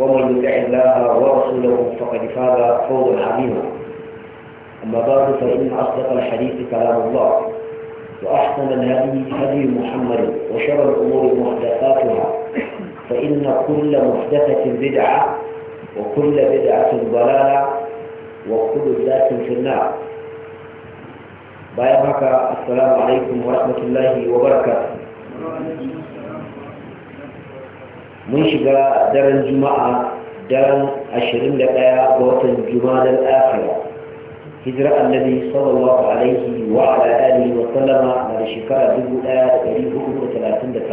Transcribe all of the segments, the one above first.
ومن يطع الله ورسوله فقد فاز فوزا عظيما أما بعد فإن أصدق الحديث كلام الله وأحسن الهدي هدي محمد وشر الأمور محدثاتها فإن كل محدثة بدعة وكل بدعة ضلالة وكل ذات في النار بايعك السلام عليكم ورحمة الله وبركاته mun shiga daren juma'a daren 21 ga watan juma'a akhira hijira annabi sallallahu alaihi wa ala alihi wa sallama na da shekara 1439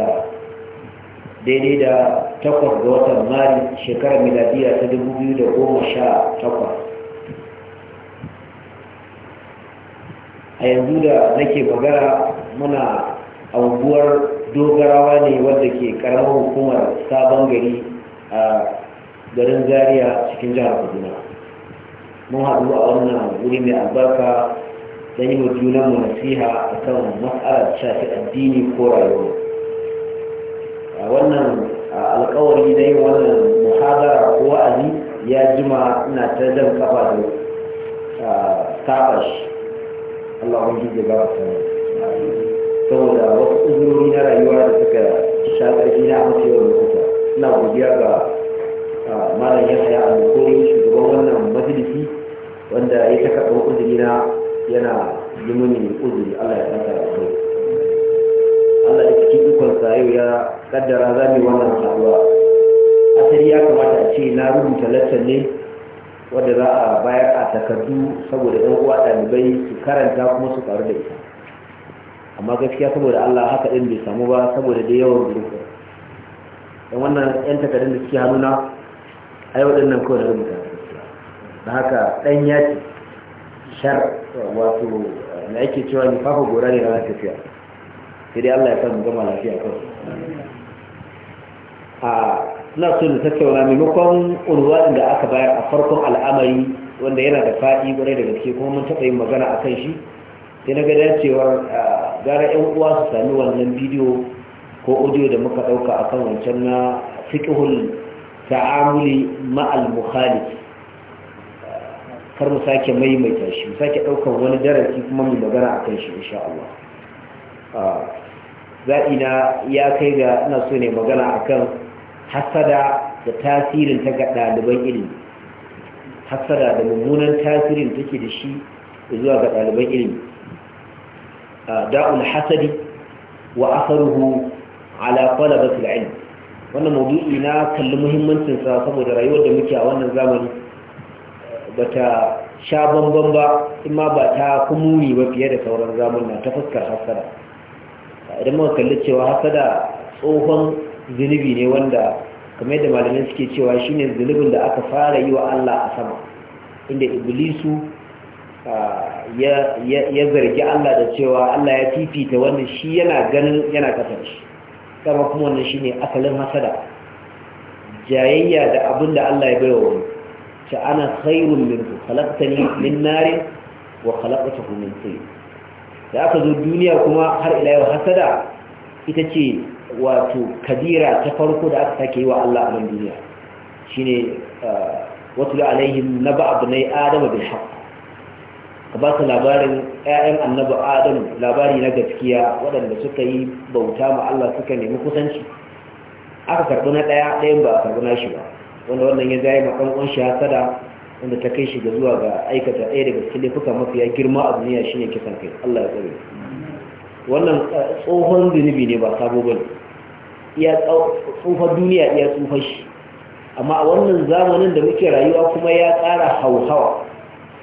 daidai da takwas ga watan mari shekarar miladiya ta 2018 a yanzu da nake magana muna anguwar dogarawa ne wanda ke karamar hukumar sabon gari a garin zaria cikin jihar kaduna mun haɗu a wannan wuri mai albarka don yi wa mu nasiha a kan matsalar shafi addini ko rayuwa wannan alkawari na yin wannan muhadara ko wa'azi ya jima ina ta zan kafa da kafashi Allah wani gaba ta saboda wasu uzurori na rayuwa da suka sha ƙarfi na wani lokuta ina godiya ga malam ya haya alkori shugaban wannan majalisi wanda ya ta ɗan uzuri na yana yi mini uzuri allah ya tsaka da kai allah da cikin yau ya kaddara za mu yi wannan saduwa asali ya kamata a ce na rubuta lantar ne wadda za a bayar a takardu saboda ɗan uwa ɗalibai su karanta kuma su faru da ita amma gaskiya saboda Allah haka din bai samu ba saboda da yawan rubutu dan wannan yan takardun da suke hannuna ai waɗannan kawai da rubuta da haka dan yaki shar wato na yake cewa ni fafa gora ne na tafiya sai dai Allah ya sa mu gama lafiya kawai a na so da tattauna maimakon unwain da aka bayar a farkon al'amari wanda yana da faɗi ƙwarai da gaske kuma mun taɓa yin magana a kan shi sai na ga dacewar gara yan uwa su sami wannan bidiyo ko audio da muka dauka akan wancan na fiqhul ta'amuli ma'al mukhalif kar mu sake maimaita shi mu sake daukar wani darasi kuma mu magana akan shi insha Allah zaɓi na ya kai ga ina so ne magana akan hasada da tasirin ta ga ɗaliban ilimi hasada da mummunan tasirin take da shi zuwa ga ɗaliban ilimi da'ul hasadi wa asaruhu ala talabatul wannan maudu'i na kalli muhimmancin sa saboda rayuwar da muke a wannan zamani bata sha bamban ba in ma ba ta kumuni ba fiye da sauran na, ta fuskar hasada idan muka kalli cewa hasada tsohon zunubi ne wanda kamar da malamai suke cewa shine zunubin da aka fara yi wa Allah a sama inda iblisu ya zargi Allah da cewa Allah ya fifita wannan shi yana ganin yana kasance shi kama kuma wannan shi ne asalin hasada jayayya da abin da Allah ya baiwa wani ta ana khairun minhu khalaqtani min narin wa khalaqtahu min tin da aka zo duniya kuma har ila yau hasada ita ce wato kabira ta farko da aka sake yi wa Allah a nan duniya shine uh, watul alaihim naba abnai adama bil haqq ka ba su labarin 'ya'yan annabi adam labari na gaskiya waɗanda suka yi bauta ma Allah suka nemi kusanci aka karɓi na ɗaya ɗayan ba a karɓi na shi ba wanda wannan ya zai makon ƙwan shi sada wanda ta kai shi ga zuwa ga aikata ɗaya daga cikin laifuka mafiya girma a duniya shine kisan kai Allah ya tsare wannan eh, tsohon zunubi ne ba sabo bane iya tsufar duniya iya tsufar shi amma a wannan zamanin da muke rayuwa kuma ya ƙara hauhawa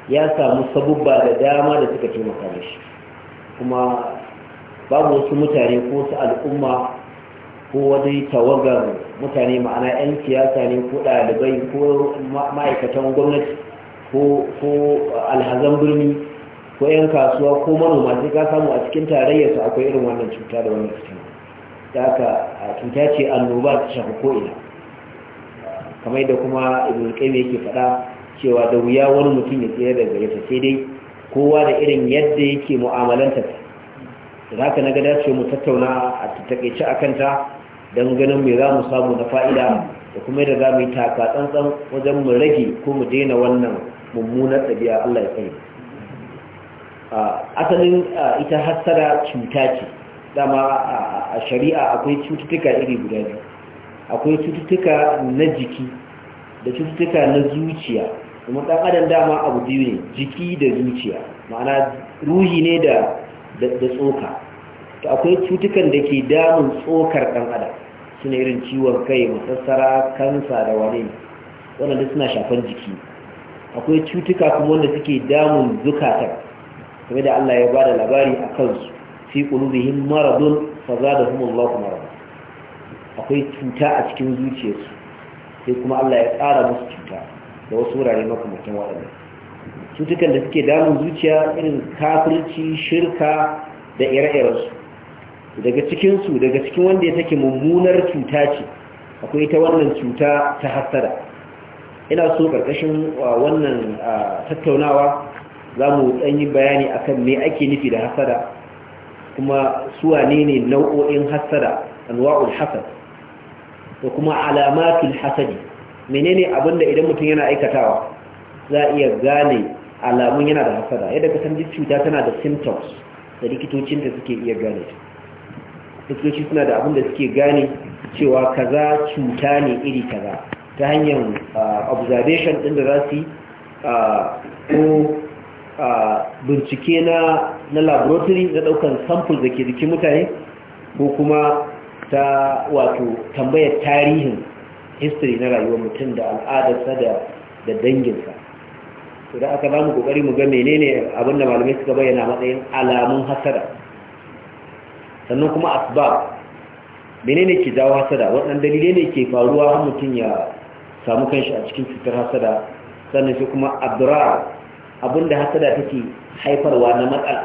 ya samu sabubba da dama da suka taimaka shi kuma babu wasu mutane ko wasu al'umma ko wani tawagar mutane ma'ana 'yan siyasa ne ko ɗalibai ko ma'aikatan gwamnati ko alhazan birni ko 'yan kasuwa ko manoma sai ka samu a cikin tarayyarsu akwai irin wannan cuta da wannan cuta da aka cuta ce annoba ta shafi ko'ina kamar da kuma ibn qayyim yake faɗa cewa da wuya wani mutum ya tsira daga gare sai dai kowa da irin yadda yake mu'amalanta da haka na ga dace mu tattauna a takaice a kanta don ganin mai za mu samu na fa'ida da kuma yadda za mu yi taka tsantsan wajen mu rage ko mu daina wannan mummunar ɗabi'a Allah ya asalin ita hassara cuta ce dama a shari'a akwai cututtuka iri guda biyu akwai cututtuka na jiki da cututtuka na zuciya kuma ɗan adam dama abu biyu ne jiki da zuciya ma'ana ruhi ne da da tsoka to akwai cutukan da ke damun tsokar ɗan adam suna irin ciwon kai masassara kansa da wane waɗanda suna shafan jiki akwai cutuka kuma wanda suke damun zukatar game da Allah ya ba da labari a kansu fi qulubihim maradun fa zadahum Allahu marad akwai cuta a cikin zuciyarsu sai kuma Allah ya tsara musu cuta da wasu wurare makamakon waɗannan cutukan da suke damun zuciya irin kafirci shirka da ire-irensu daga cikinsu daga cikin wanda ya take mummunar cuta ce akwai ta wannan cuta ta hasada ina so ƙarƙashin wannan tattaunawa za mu yi bayani akan me ake nufi da hasada kuma suwa ne ne nau'o'in hasada anwa'ul hasad da kuma alamatul hasadi menene abin da idan mutum yana aikatawa za a iya gane alamun yana da hasada yadda ka san cuta tana da symptoms da likitocin da suke iya gane likitoci suna da abin da suke gane cewa kaza cuta ne iri kaza ta hanyar ah, observation ɗin da za su yi ah, ko ah, bincike na laboratory na ɗaukan samples da ke jikin mutane ko kuma ta wato tambayar tarihin history na rayuwar mutum da al'adarsa da danginsa to da aka bamu kokari mu ga menene abin malamai suka bayyana matsayin alamun hasada sannan kuma asbab menene ke jawo hasada wannan dalilai ne ke faruwa har mutum ya samu kanshi a cikin cutar hasara, sannan sai kuma abdura abinda hasada take haifarwa na matsala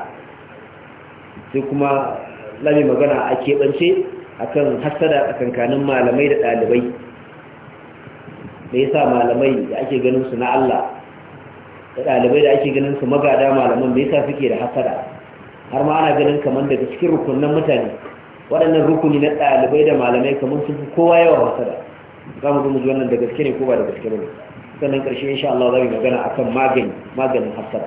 sai kuma lami magana a keɓance akan hasara a malamai da ɗalibai da sa malamai da ake ganin su na Allah da ɗalibai da ake ganin su magada malaman da sa suke da hasara har ma ana ganin kamar daga cikin rukunan mutane waɗannan rukuni na ɗalibai da malamai kamar sun fi kowa yawan hasara za mu zama wannan da gaske ne ko ba da gaske ba ne sannan ƙarshe insha Allah za mu magana akan magani maganin hasara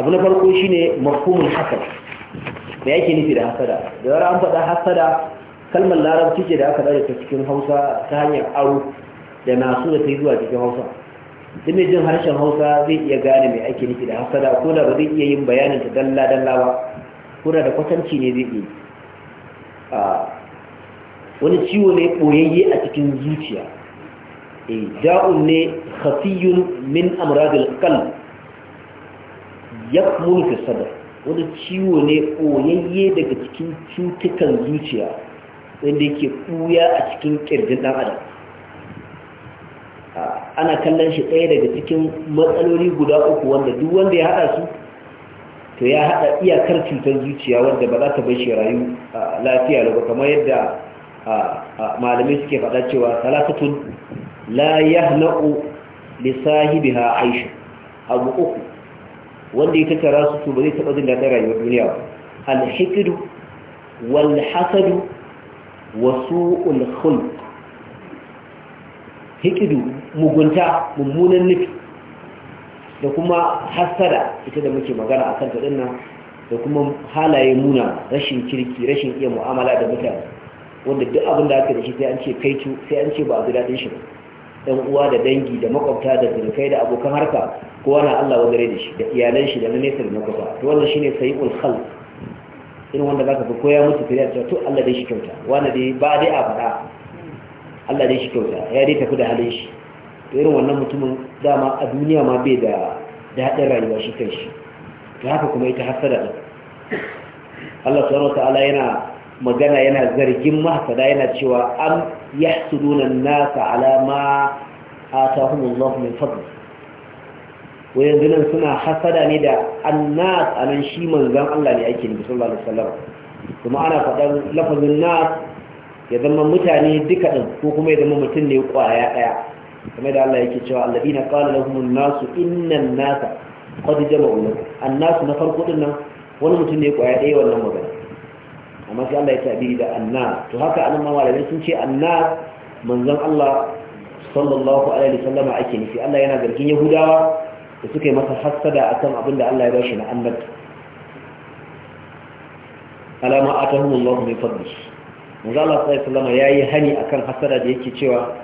abu na farko shine mafhumul hasad me yake nufi da hasada da an faɗa hasada kalmar larabci ce da aka bada ta cikin hausa ta hanyar aro da nasu da ta yi zuwa cikin hausa duk mai jin harshen hausa zai iya gane mai ake nufi da hasada ko da ba zai iya yin bayanin ta dalla dalla ba ko da kwatanci ne zai iya wani ciwo ne ɓoyayye a cikin zuciya da'un e, ne khafiyun min amradil qalb yakmul fi sadr wani ciwo ne ɓoyayye daga cikin cutukan zuciya wanda yake ɓuya a cikin ƙirjin ɗan adam ana kallon shi ɗaya daga cikin matsaloli guda uku wanda duk wanda ya haɗa su to ya haɗa iyakar cutar zuciya wanda ba za ta bai shi rayu lafiya ba kamar yadda malamai suke faɗa cewa salafatun la yahna'u li sahibiha aisha abu uku wanda ya tattara su to ba zai taɓa jin daɗin rayuwar duniya ba al-hikidu wal hasadu wasu ulkhul hikidu mugunta mummunan nufi da kuma hasada ita da muke magana a kan taɗin da kuma halaye nuna, rashin kirki rashin iya mu'amala da mutane wanda duk abin da aka da shi sai an ce kaitu sai an ce ba a ji daɗin shi ɗan uwa da dangi da makwabta da zurkai da abokan harka kowa na Allah wa gare da shi da iyalan shi da na nesa da na kusa to wannan shine sayyul khalq irin wanda zaka ga koya musu kiriya cewa to Allah dai shi kyauta wani dai ba dai a faɗa Allah dai shi kyauta ya dai tafi da halin shi to irin wannan mutumin dama a duniya ma bai da daɗin rayuwa shi kai shi to haka kuma ita hasada din Allah subhanahu ta'ala yana magana yana zargin mahasada yana cewa an yahsuduna an-nasa ala ma atahumullahu min fadli wai yanzu nan suna hasada ne da annas nan shi manzan Allah ne ake nufi sallallahu alaihi wasallam kuma ana faɗan lafazin nas ya zama mutane duka din ko kuma ya zama mutum ne kwaya daya kamar da Allah yake cewa alladina qala lahumun nasu innan nasa qad jama'u lakum annas na farko din nan wani mutum ne kwaya daya wannan magana amma sai Allah ya tabiri da annas to haka annan malamai sun ce annas manzon Allah sallallahu alaihi wasallama ake nufi Allah yana zargin Yahudawa da suka yi masa hassada akan abin da Allah ya bashi na annabi alama atahumullahu min fadli manzo Allah sallallahu sallama ya yi hani akan hassada da yake cewa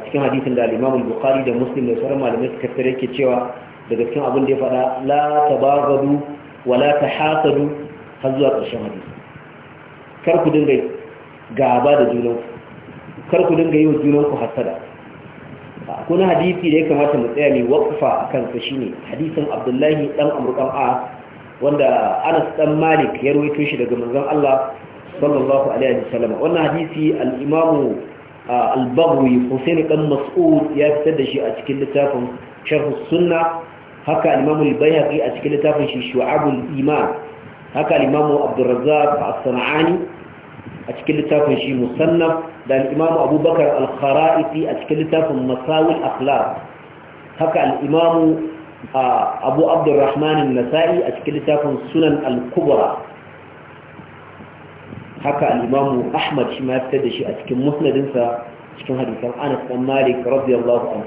a cikin hadisin da al-Imam al-Bukhari da Muslim da sauran malamai suka tsare yake cewa daga cikin abin da ya faɗa la tabaghadu wa la tahasadu har zuwa ƙarshen hadisi kar ku dinga gaba da junanku kar ku dinga yi wa junanku hassada. kuna hadisi da ya kamata mu tsaya ne a akan sa shine hadisin Abdullahi ɗan Amr A wanda Anas ɗan Malik ya rawaito shi daga manzon Allah sallallahu alaihi wasallam wannan hadisi al-Imam uh, al-Baghawi Husayn ɗan Mas'ud ya fitar da shi a cikin littafin Sharh sunna haka al-Imam al-Baihaqi a cikin littafin shi Shu'abul Iman haka al-Imam Abdurrazzaq as-San'ani a cikin littafin shi Musannaf da al'imamu abubakar al-khara'iti a cikin littafin masawil akhlaq haka al'imamu abu abdurrahman nasa'i a cikin littafin sunan al-kubra haka al'imamu ahmad shi ma da shi a cikin musnadinsa cikin hadisan anas Ɗan malik Allah, anhu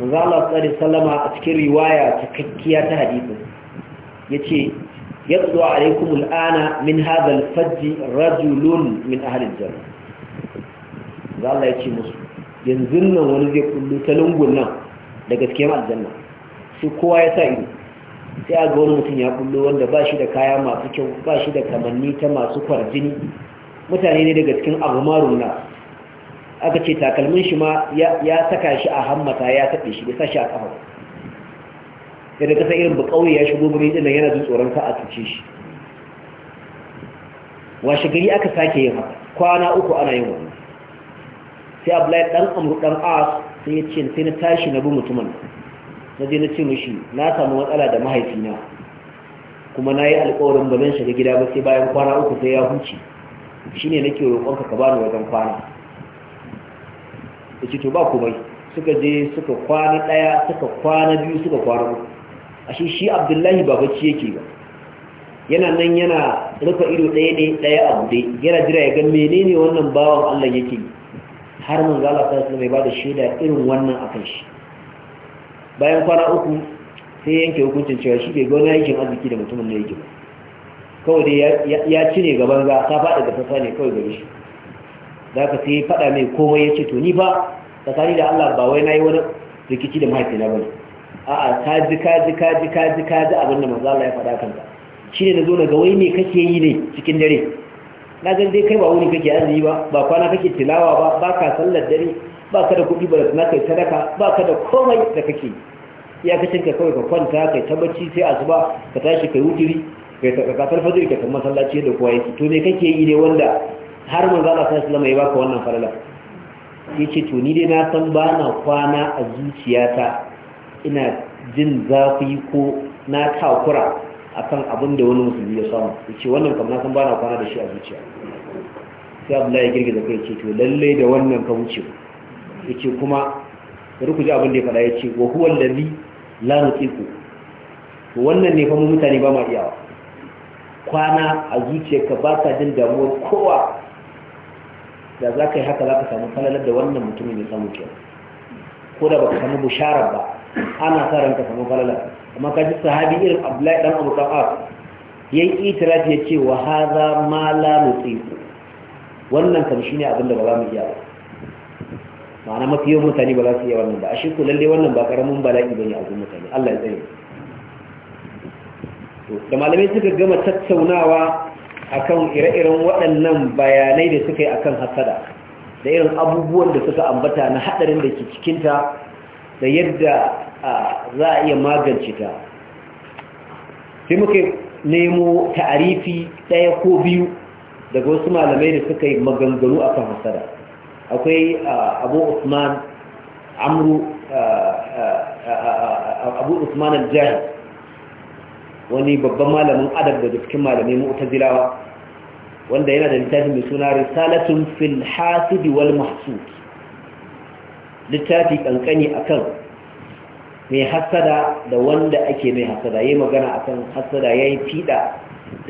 manzo Allah sallallahu alaihi a cikin riwaya cikakkiya ta hadisin yace yatlu alaikum al'ana min hadha al-fajj rajulun min ahli al-jannah za Allah ya ce musu yanzu nan wani zai kullu ta lungun nan da gaskiyar aljanna sai kowa ya sa ido sai a ga wani mutum ya kullu wanda ba shi da kaya masu kyau ba shi da kamanni ta masu kwarjini mutane ne daga cikin agumarun na aka ce takalmin shi ma ya saka shi a hammata ya taɓe shi da sa shi a ƙafa yadda daga irin ba ƙauye ya shigo birni ɗin yana jin tsoron ka a tuce shi washe gari aka sake yin haka kwana uku ana yin wannan sai abdullahi dan amru dan as sai ya ce sai na tashi na bi mutumin na je na ce mishi na samu matsala da mahaifina kuma na yi alkawarin ba zan shiga gida ba sai bayan kwana uku sai ya huce ne nake roƙonka ka bani wajen kwana da ce to ba komai suka je suka kwana ɗaya suka kwana biyu suka kwana uku ashe shi abdullahi ba bacci yake ba yana nan yana rufe ido ɗaya ne ɗaya a buɗe yana jira ya mene menene wannan bawan Allah yake har mun zala ta su mai bada shaida irin wannan akan shi bayan kwana uku sai yanke hukuncin cewa shi bai gona yakin arziki da mutumin na yake ba kawai dai ya cire gaban za ta faɗa da fasa ne kawai gari shi Za ka sai faɗa mai komai ya ce to ni ba tsakani da Allah ba wai na yi wani rikici da mahaifina ba ne a'a ka ji ka ji ka ji ka ji ka ji abin da manzo Allah ya faɗa kanta shi ne na zo daga wai ne kake yi ne cikin dare na zan dai kai ba wuni kake azumi ba ba kwana kake tilawa ba ba ka sallar dare ba ka da kuɗi ba da suna kai sadaka ba ka da komai da kake iyakacin ka kawai ka kwanta kai ta bacci sai asuba ka tashi kai wuturi kai ka kasar fajir ka kuma sallaci da kowa yake to me kake yi ne wanda har mun zama sa sallama ya baka wannan falala yace to ni dai na san ba na kwana a zuciyata ina jin zafi ko na takura akan abin da wani musulmi ya samu ya ce wannan kam na san bana kwana da shi a zuciya sai abdullahi ya girgiza kai ce to lallai da wannan ka wuce ya ce kuma bari ku ji abin da ya faɗa ya ce wa huwa allazi la nutiku wannan ne fa mu mutane ba ma iyawa kwana a zuciya ka ba ka jin damuwar kowa da za ka yi haka za ka samu falalar da wannan mutumin ya samu kyau ko da ba ka samu bushara ba ana sa ranka samu falalar amma kaji sahabi irin abdullahi dan abu ta'ar yayin itiraf ya ce wa haza ma la ku. wannan kan shi abin da ba za mu iya ba, ma'ana mafi yawan mutane ba za su iya wannan ba ashe ku lalle wannan ba karamin bala'i bane a gurin mutane Allah ya tsaye da malamai suka gama tattaunawa akan ire-iren waɗannan bayanai da suka yi akan hasada da irin abubuwan da suka ambata na hadarin da ke cikinta da yadda za a iya magance ta sai muka nemo ta'arifi ɗaya ko biyu daga wasu malamai da suka yi maganganu a kan hasara akwai abu usman amru abu usman al-jahi wani babban malamin adab da cikin malamai mu'tazilawa wanda yana da littafin mai suna risalatun fil hasidi wal mahsud littafi kankani akan mai hasada da wanda ake mai hasada yayi magana akan hasada yayi fiɗa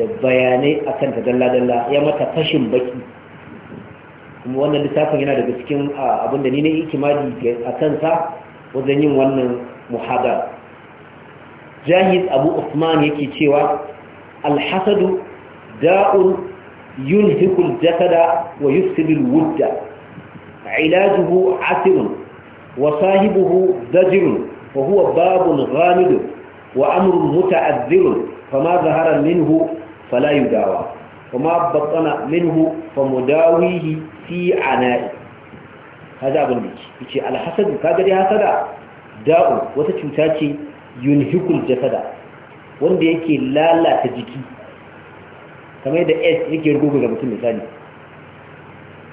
da bayanai akan ta dalla-dalla ya mata fashin baki kuma wannan littafin yana daga cikin abin da ni na ikimadi a kansa wajen yin wannan muhadar jahiz abu usman yake cewa alhasadu da'un yulhikul jasada wa yufsidul wudda a ilajuhu asirun wa sahibuhu zajirun fa huwa babun ghamid wa amrun muta'azzirun fama zahara minhu fala yudawa fama batana minhu famudawihi fi ana'i hada abin da yake alhasad kaga dai hasada da'u wata cuta ce yunhikul jasada wanda yake lalata jiki kamar da s yake rugugu ga mutum misali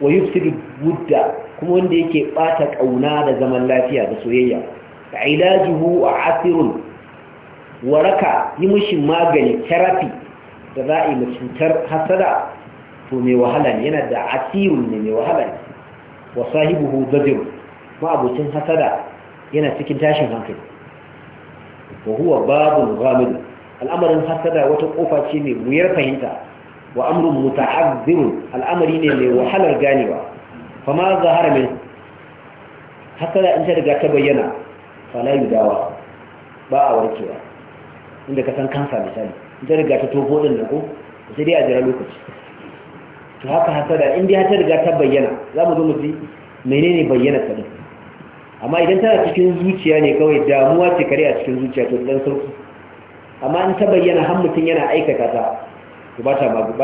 wa yufsidu budda kuma wanda yake bata kauna da zaman lafiya da soyayya a asirun waraka yi mishi magani therapy da za a yi cutar hasada to mai wahala ne yana da asirun ne mai wahala ne wa sahibuhu zajir ma abocin hasada yana cikin tashin hankali wa huwa babul ghamid al'amarin hasada wata kofa ce mai wuyar fahimta wa متعذر الأمر al'amari ne mai wahalar ganewa fama zahara min hasala in ta riga ta bayyana fala yudawa ba a warkewa inda ka san kansa misali in ta riga ta tofo din nan ko sai dai a jira lokaci to haka in ta bayyana amma idan tana cikin zuciya ne kawai damuwa ce kare a cikin zuciya to dan sauki amma in ta bayyana har mutum yana aikata ta ba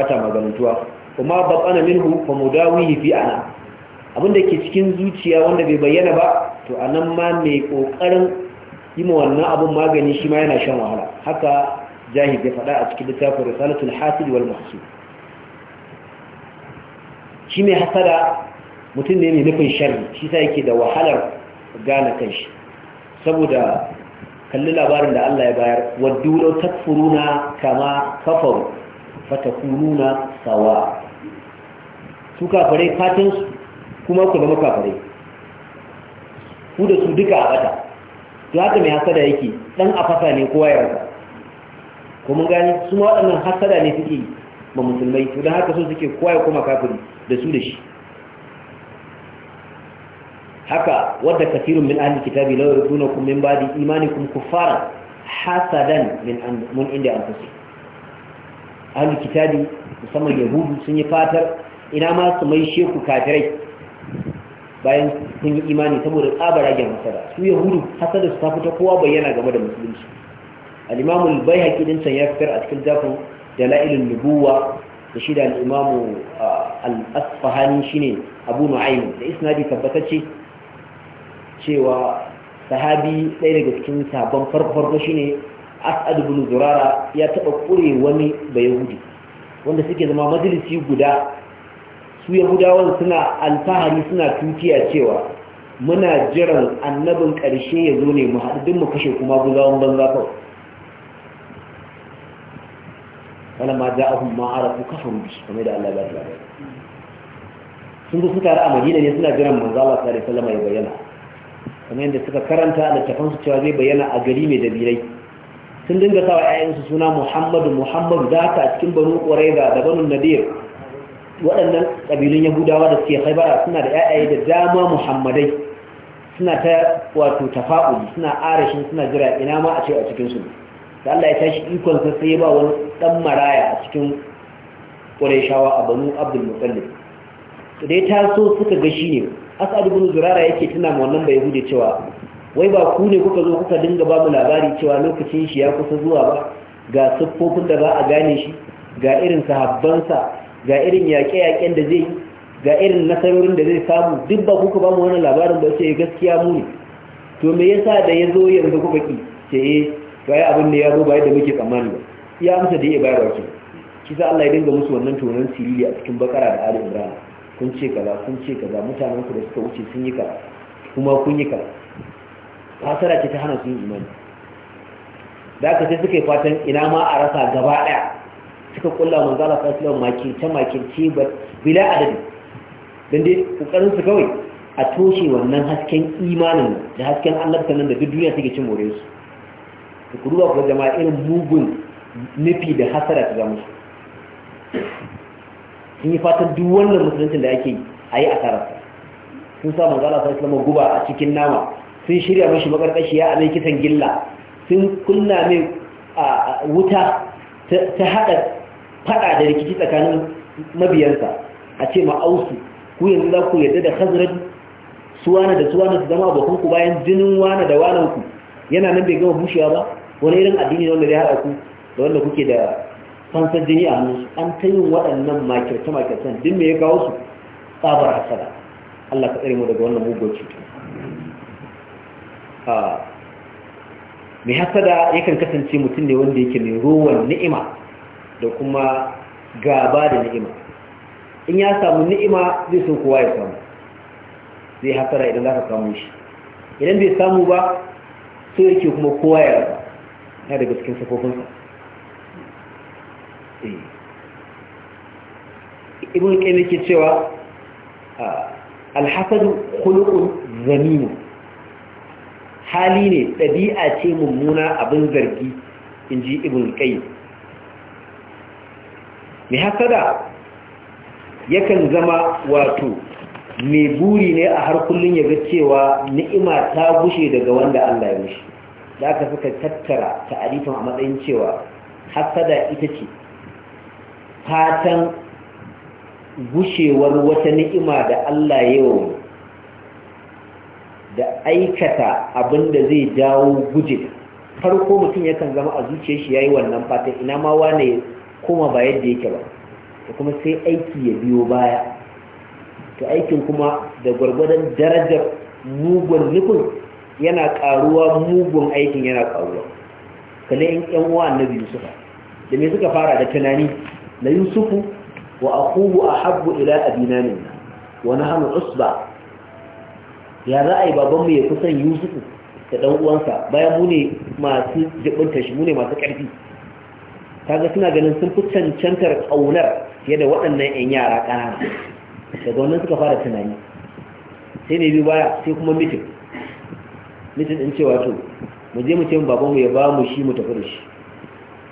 ta magantuwa kuma batsana minhu fa mudawihi fi ana abinda ke cikin zuciya wanda bai bayyana ba to anan ma mai kokarin yi wannan abun magani shi ma yana shan wahala haka jahid ya faɗa a cikin littafin risalatul hasid wal mahsud shi mai hasada mutum ne mai nufin sharri shi sa yake da wahalar gane kanshi saboda kalli labarin da Allah ya bayar waddu law takfuruna kama kafaru fatakununa sawa su kafare fatan su kuma ku zama kafare ku da su duka a bata to haka mai hasada yake dan a fasa ne kowa ya rasa kuma gani su ma waɗannan hasada ne suke ma musulmai to don haka so suke kowa ya koma kafiri da su da shi haka wadda kafirin min ahli kitabi law yurduna kum min ba'di imanikum kuffara hasadan min min inda anfusikum ahli kitabi musamman yahudu sun yi fatar ina ma su mai sheku kafirai bayan sun yi imani saboda tsabara gyan masara su yahudu da su ta ta kowa bayyana game da musulunci al-imamu al can ya fitar a cikin zafin dalailun nubuwa da shi da al-imamu al-asfahani shine abu da isnadi tabbatacce cewa sahabi ɗaya daga cikin sabon farko farko shine as'ad ibn zurara ya taba kure wani Yahudi. wanda suke zama majalisi guda su yahudawan suna alfahari suna tutiya cewa muna jiran annabin ƙarshe ya zo ne mu haɗu mu kashe kuma guzawan banza kawai wala ma za a hun ma'ara ku kafa mu kamar da Allah ba da sun zo suka a madina ne suna jiran manzo Allah sallallahu alaihi wasallam ya bayyana kamar yadda suka karanta a su cewa zai bayyana a gari mai dabirai sun dinga sawa ƴaƴansu suna muhammadu muhammadu da haka a cikin banu ƙwaraiza da banu nadir waɗannan ƙabilun yahudawa da suke haibara suna da ƴaƴaye da dama muhammadai suna ta wato tafa'uli suna arashin suna jira ina ma a ce a cikinsu da Allah ya tashi ikon sa sai ya ba wani dan maraya a cikin Qurayshawa a Banu Abdul Muttalib da ta taso suka ga shi ne As'ad ibn Zurara yake tuna ma wannan bai hude cewa wai ba ku ne kuka zo kuka dinga ba mu labari cewa lokacin shi ya kusa zuwa ba ga siffofin da ba a gane shi ga irin sahabbansa ga irin yaƙe-yaƙen da zai ga irin nasarorin da zai samu duk ba kuka ba mu wannan labarin ba sai gaskiya mu ne to me yasa da ya zo yanzu kuka ki ce eh to ai abin da ya zo ba yadda muke tsammani ba ya amsa da ya bayar wakil shi sa Allah ya dinga musu wannan tonon sirili a cikin bakara da Ali Ibrahim, kun ce kaza kun ce kaza mutanen ku da suka wuce sun yi kaza kuma kun yi kaza Fasara ce ta hana su yin imani da aka sai suka yi fatan ina ma a rasa gaba daya suka kulla manzo Allah sallallahu alaihi wasallam makirce makirce bila adadi dan dai kokarin su kawai a toshe wannan hasken imanin da hasken Allah nan da duk duniya take cin more su ku duba ku jama'a irin mugun nufi da hasara ta zama sun yi fatan duk wannan musulunci da yake yi a yi asarar sun sa manzo Allah sallallahu alaihi wasallam guba a cikin nama sun shirya mashi makarkashiya a amai kisan gilla sun kunna mai wuta ta haɗa faɗa da rikici tsakanin mabiyansa a ce ma'ausu ku yanzu za ku yarda da hazirar suwana da suwana su zama abokanku bayan jinin wana da ku yana nan bai gama bushewa ba wani irin addini ne wanda zai haɗa ku da wanda kuke da fansar jini a hannunsu an ta yin waɗannan makirce-makircen duk me ya kawo su tsabar hasara Allah ka tsare mu daga wannan mugun cuta mai hasada yakan kasance mutum ne wanda yake mai rowar ni'ima da kuma gaba da ni'ima in ya samu ni'ima zai so kowa ya samu zai hasada idan za ka samu shi idan bai samu ba so yake kuma kowa ya rasa ya daga cikin safofinsa eh. ibn ne ke cewa ah, alhasadu khuluqun zamin hali ne ɗabi'a ce mummuna abin zargi in ji ibn kai mai hasada yakan zama wato mai buri ne a har kullum ya ga cewa ni'ima ta gushe daga wanda Allah ya mishi da aka suka tattara ta'arifin a matsayin cewa hasada ita ce fatan gushewar wata ni'ima da Allah ya yi da aikata abinda zai dawo guje farko mutum yakan zama a zuciyar shi yayi wannan fatan ina ma wane kuma ba yadda yake ba Da kuma sai aiki ya biyo baya to aikin kuma da gwargwadon darajar mugun nufin yana karuwa mugun aikin yana karuwa kalle in yan uwa annabi Yusuf da me suka fara da tunani na Yusufu wa a ahabbu ila abina minna wa nahnu usba ya za a yi babanmu ya kusan yusufu da ɗan uwansa bayan mu ne masu jibinta shi mu ne masu ƙarfi kaga suna ganin sun fi cancantar ƙaunar fiye da waɗannan 'yan yara ƙanana daga wannan suka fara tunani sai ne biyu baya sai kuma mitin mitin ɗin cewa to mu je mu ce babanmu ya ba mu shi mu tafi da shi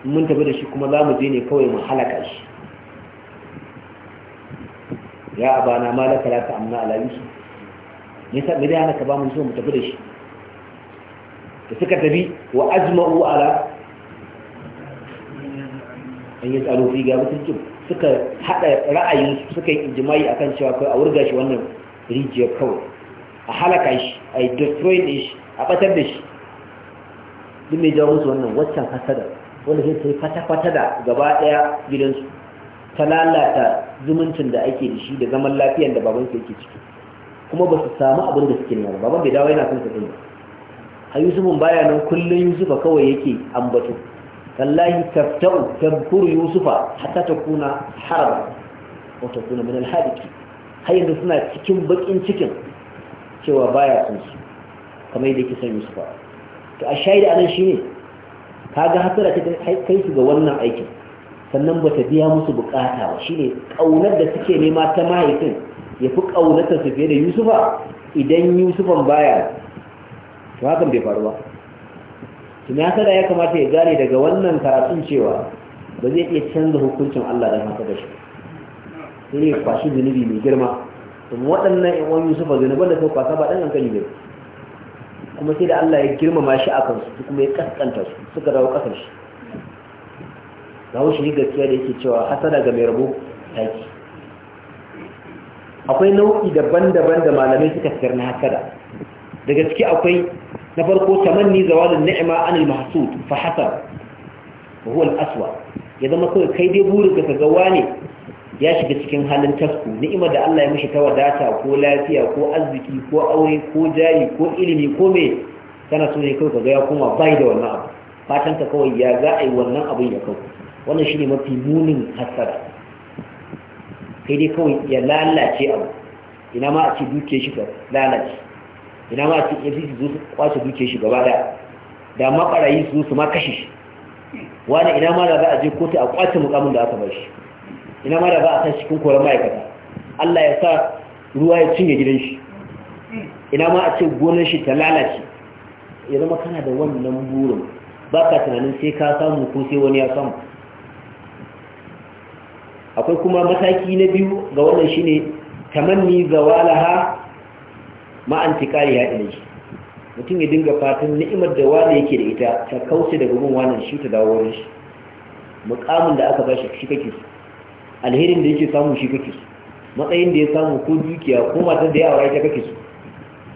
mun tafi da shi kuma za mu je ne kawai mu halaka shi ya abana malaka laka la ta'amna ala yusuf ne sa gari ana ka ba mu so mu tafi da shi da suka tafi wa ajma'u ala an yi tsaro fi ga mutuncin suka haɗa ra'ayin suka yi ijimai kan cewa kai a wurga shi wannan rijiyar kawai a halaka shi a yi destroy shi a ɓatar da shi duk mai jawo musu wannan waccan hasada wanda sai sai kwata-kwata da gaba ɗaya gidansu ta lalata zumuncin da ake da shi da zaman lafiyar da babansa yake ciki kuma ba su samu abin da suke nema baban bai dawo yana kan sa dinga a yusufun baya nan kullun yusufa kawai yake ambato wallahi tabta'u tabkur yusufa hatta takuna harba wa takuna min alhadiki har yanzu suna cikin bakin cikin cewa baya son su kamar yadda yake son yusufa to a shaida anan shine kaga hasara ta kai su ga wannan aikin sannan bata biya musu bukata ba shine kaunar da suke nema ta mahaifin ya fi ƙaunatar su fiye da yusufa idan yusufan baya su hakan bai faru ba tuni hasada ya kamata ya gane daga wannan karatun cewa ba zai iya canza hukuncin allah da haka da shi sai ne kwashi zunubi mai girma kuma waɗannan yan uwan yusufa zunuban da ta kwasa ba ɗan hankali ne kuma sai da allah ya girmama shi a kansu kuma ya kaskanta su suka dawo ƙasar shi ga shi gaskiya da yake cewa hasada ga mai rabo taki akwai nau'i daban-daban da malamai suka fitar na hasada daga ciki akwai na farko tamanni zawalin ni'ima anil mahsud fa hasad wa huwa al-aswa ya zama kai kai dai burin ka ga wane ya shiga cikin halin tasku ni'imar da Allah ya mishi ta wadata ko lafiya ko arziki ko aure ko jari ko ilimi ko me kana so ne kai ka ga ya koma bai da wannan abu fatan ka kawai ya za a yi wannan abin ya kawo wannan shine mafi munin hasada sai dai kawai ya lalace abu ina ma a ce duke shi lalace ina ma a ce ya zo su kwace duke shi gaba da makarayi su su ma kashe shi wani ina ma da za a je kotu a kwace mukamin da aka bar shi ina ma da za a san cikin koran ma'aikata Allah ya sa ruwa ya cinye gidan shi ina ma a ce gonar shi ta lalace ya zama kana da wannan burin ba ka tunanin sai ka samu ko sai wani ya samu akwai kuma mataki na biyu ga wannan shine tamanni zawalaha ma antiqaliha ilayhi mutum ya dinga fatan ni'imar da wani yake da ita ta kauce daga gun wannan shi ta dawo wurin shi muqamin da aka bashi shi kake alherin da yake samu shi kake matsayin da ya samu ko dukiya ko matar da ya aure ta kake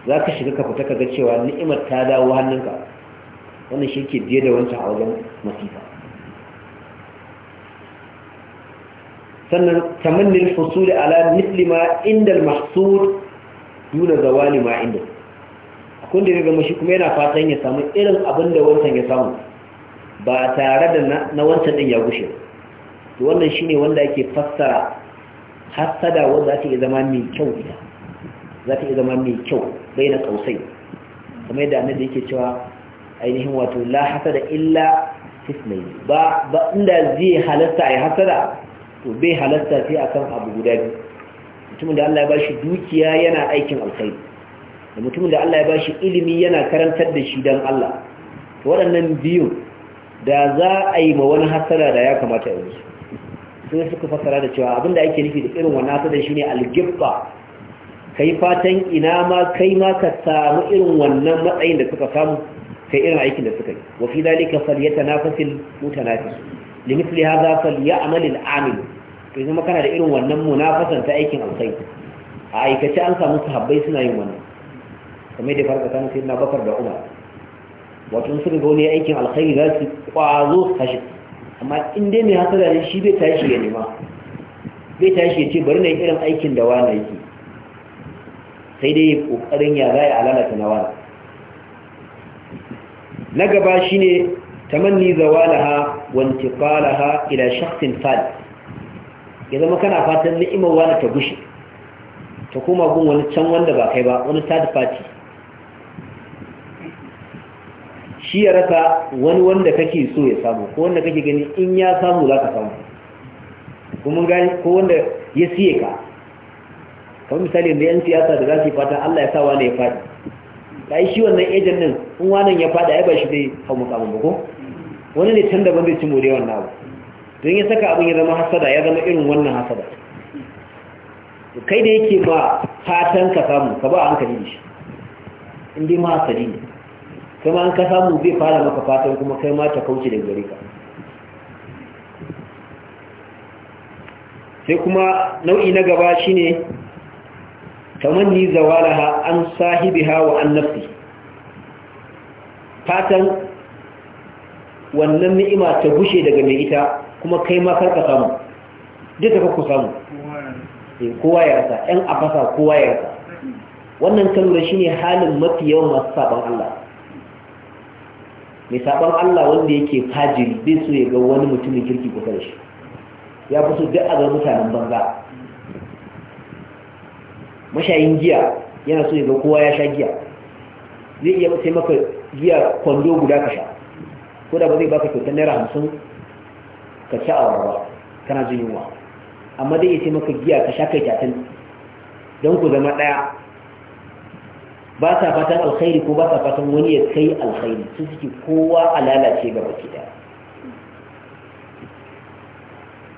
za ka shiga ka fita ka ga cewa ni'imar ta dawo hannunka wannan shi ke da wancan a wajen masifa sannan tamannin husuli ala mislima ma inda al-mahsud yuna zawali ma inda kun da ga mashi kuma yana fatan ya samu irin abin da wancan ya samu ba tare da na wancan din ya gushe to wannan shine wanda yake fassara hasada wanda iya zama mai kyau ita za ta iya zama mai kyau bai na kausai kamar yadda annabi yake cewa ainihin wato la hasada illa fisnai ba ba inda zai halatta ai hasada to bai halatta sai akan abu guda biyu mutumin da Allah ya bashi dukiya yana aikin alkhairi da mutumin da Allah ya bashi ilimi yana karantar da shi dan Allah to waɗannan biyu da za a yi ma wani hasara da ya kamata ya yi sai suka fasara da cewa abinda ake nufi da irin wannan hasara shine algibba kai fatan ina ma kai ma ka samu irin wannan matsayin da suka samu kai irin aikin da suka yi wa fi dalika falyatanafasil mutanafis limithli hadha falyamal al-amil to zama kana da irin wannan munafasan ta aikin alkhairi a aikace an samu sahabbai suna yin wannan kamar da farka kan sayyidina bakar da umar wato suka ga wani aikin alkhairi za su kwazo kashi amma in dai mai hasada ne shi bai tashi ya nema bai tashi ya ce bari na yi irin aikin da wani yake sai dai kokarin ya za a lalata na wani na gaba shine tamanni zawalaha wa intiqalaha ila shakhsin salih ya zama kana fatan ni'imar wani ta gushe ta koma gun wani can wanda ba kai ba wani third party shi ya rasa wani wanda kake so ya samu ko wanda kake gani in ya samu za ka samu kuma gani ko wanda ya siye ka kuma misali da yan siyasa da za su fata Allah ya sa wani ya faɗi da shi wannan ejen nan in wanan ya faɗi ai ba shi dai hau mukamin ba ko wani ne can daban zai ci more wannan abu don ya saka abin ya zama hasada ya zama irin wannan hasada kai da yake ba fatan ka samu ka ba an kari shi inda ma hasari ne kai ma an ka samu zai fara maka fatan kuma kai ma ta kauce da gare ka sai kuma nau'i na gaba shine tamanni zawalaha an sahibiha wa an nafi fatan wannan ni'ima ta gushe daga mai ita kuma kai ma karka samu duka ka ku samu eh, kowa ya rasa ɗan a fasa kowa ya rasa wannan kalmar shine halin mafi yawan masu saban Allah mai saban Allah wanda yake fajiri bai so ya ga wani mutumin kirki kusa da shi ya fi so duk a ga mutanen banza mashayin giya yana so ya ga kowa ya sha giya zai iya sai maka giya kwando guda ka sha ko da ba zai baka kyautar naira hamsin ka ci awarwa kana jin yunwa amma dai ya maka giya ka sha kai tatan don ku zama ɗaya ba sa fatan alkhairi ko ba sa fatan wani ya kai alkhairi su suke kowa a lalace ga baki ɗaya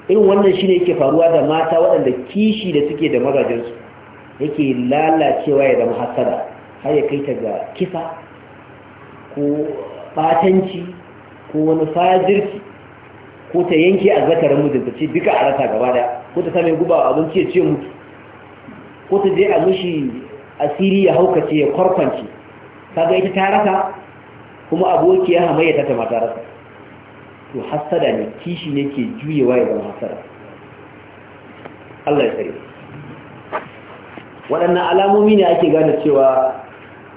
irin wannan shi ne yake faruwa da mata waɗanda kishi da suke da mazajensu yake lalacewa ya zama hasada har ya kai ta ga kisa ko batanci ko wani fajirci ko ta yanke a zakarin mutunta ce duka a rasa gaba daya ko ta same guba abinci ya ce mutu ko ta je a mushi asiri ya haukace ya kwarkwance ga ita ta rasa kuma aboki ya hamayya ta ta rasa to hasada ne kishi ne ke juyewa ya zama hasada Allah ya tsare waɗannan alamomi ne ake gane cewa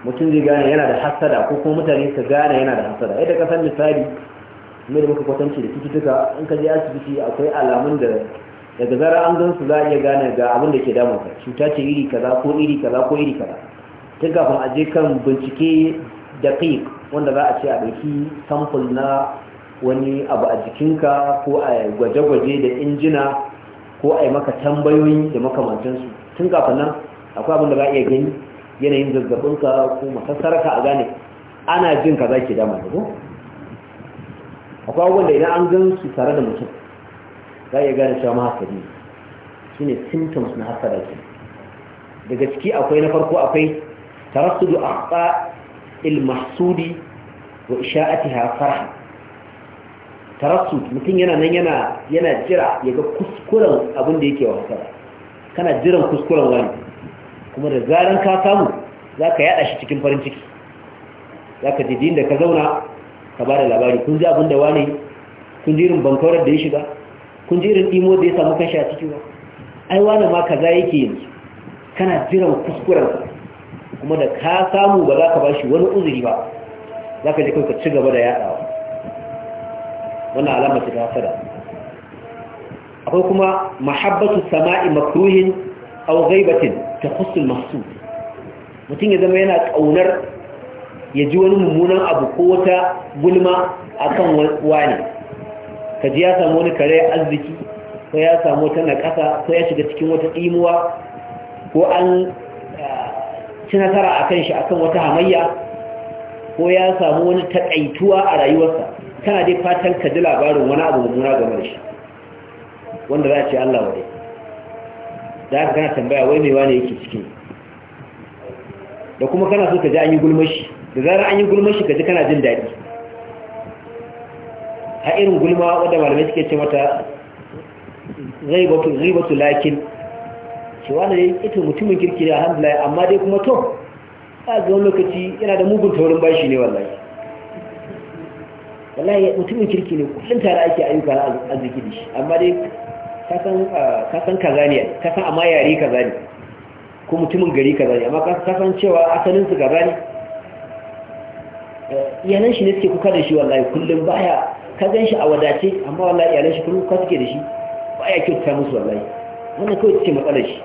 mutum zai gane yana da hasada ko kuma mutane su gane yana da hasada yadda ka san misali kuma da muka kwatance da cututtuka in ka je asibiti akwai alamun da daga zara an gan su za a iya gane ga abin da ke damun ka cuta ce iri kaza ko iri kaza ko iri kaza tun kafin a je kan bincike da wanda za a ce a ɗauki samfur na wani abu a jikinka ko a gwaje-gwaje da injina ko a yi maka tambayoyi da makamantansu tun kafin nan akwai abin da za a iya gani yanayin zazzabinka ko masassarka a gane ana jin kaza ke dama da akwai abubuwan da idan an gan su tare da mutum za iya gane cewa mahasadi shi ne symptoms na hasada ke daga ciki akwai na farko akwai tarassudu akhta il mahsudi wa isha'atiha farha tarassud mutum yana nan yana yana jira ya ga kuskuren abin da yake wa hasada kana jiran kuskuren wani kuma da zaran ka samu za ka yada shi cikin farin ciki za ka jidin da ka zauna ka ba da labari kun ji abin da wane kun ji irin bankaurar da ya shiga kun ji irin imo da ya samu kashi a ciki ba ai wani ma kaza yake yanzu kana jiran kuskuren kuma da ka samu ba za ka ba shi wani uzuri ba za ka ji kai ka ci gaba da yaɗawa wannan alama ce ta hasada akwai kuma mahabbatu sama'i makruhin aw ghaibatin ta hussul mahsud mutum ya zama yana kaunar ya ji wani mummunan abu ko wata gulma akan wani ka ji ya samu wani kare arziki ko ya samu wata nakasa, ko ya shiga cikin wata ɗimuwa ko an ah, ci nasara a kan shi a kan wata hamayya ko ya samu wani takaituwa a rayuwarsa kana dai fatan ka ji labarin wani abu mummuna game da shi wanda za a ce Allah wa dai da aka kana tambaya wai mai wani yake cikin da kuma kana so ka ji an yi gulmashi da zara an yi gulman shi gaji kana jin daɗi a irin gulma wadda malamai suke ce mata batu lakin cewa ne ita mutumin kirki da alhamdulillah amma dai kuma to a zuwan lokaci yana da mugun taurin bashi ne wallahi wallahi mutumin kirki ne kullum tare ake ayyuka na arziki da shi amma dai kasan ah, kaza ne kasan amma yare kaza ne ko mutumin gari kaza ne amma kasan cewa asalinsu kaza ne iyalan shi ne suke kuka da shi wallahi kullum baya ka gan shi a wadace amma wallahi iyalan shi kullum kuka suke da shi baya ta musu wallahi wannan kawai ce matsalar shi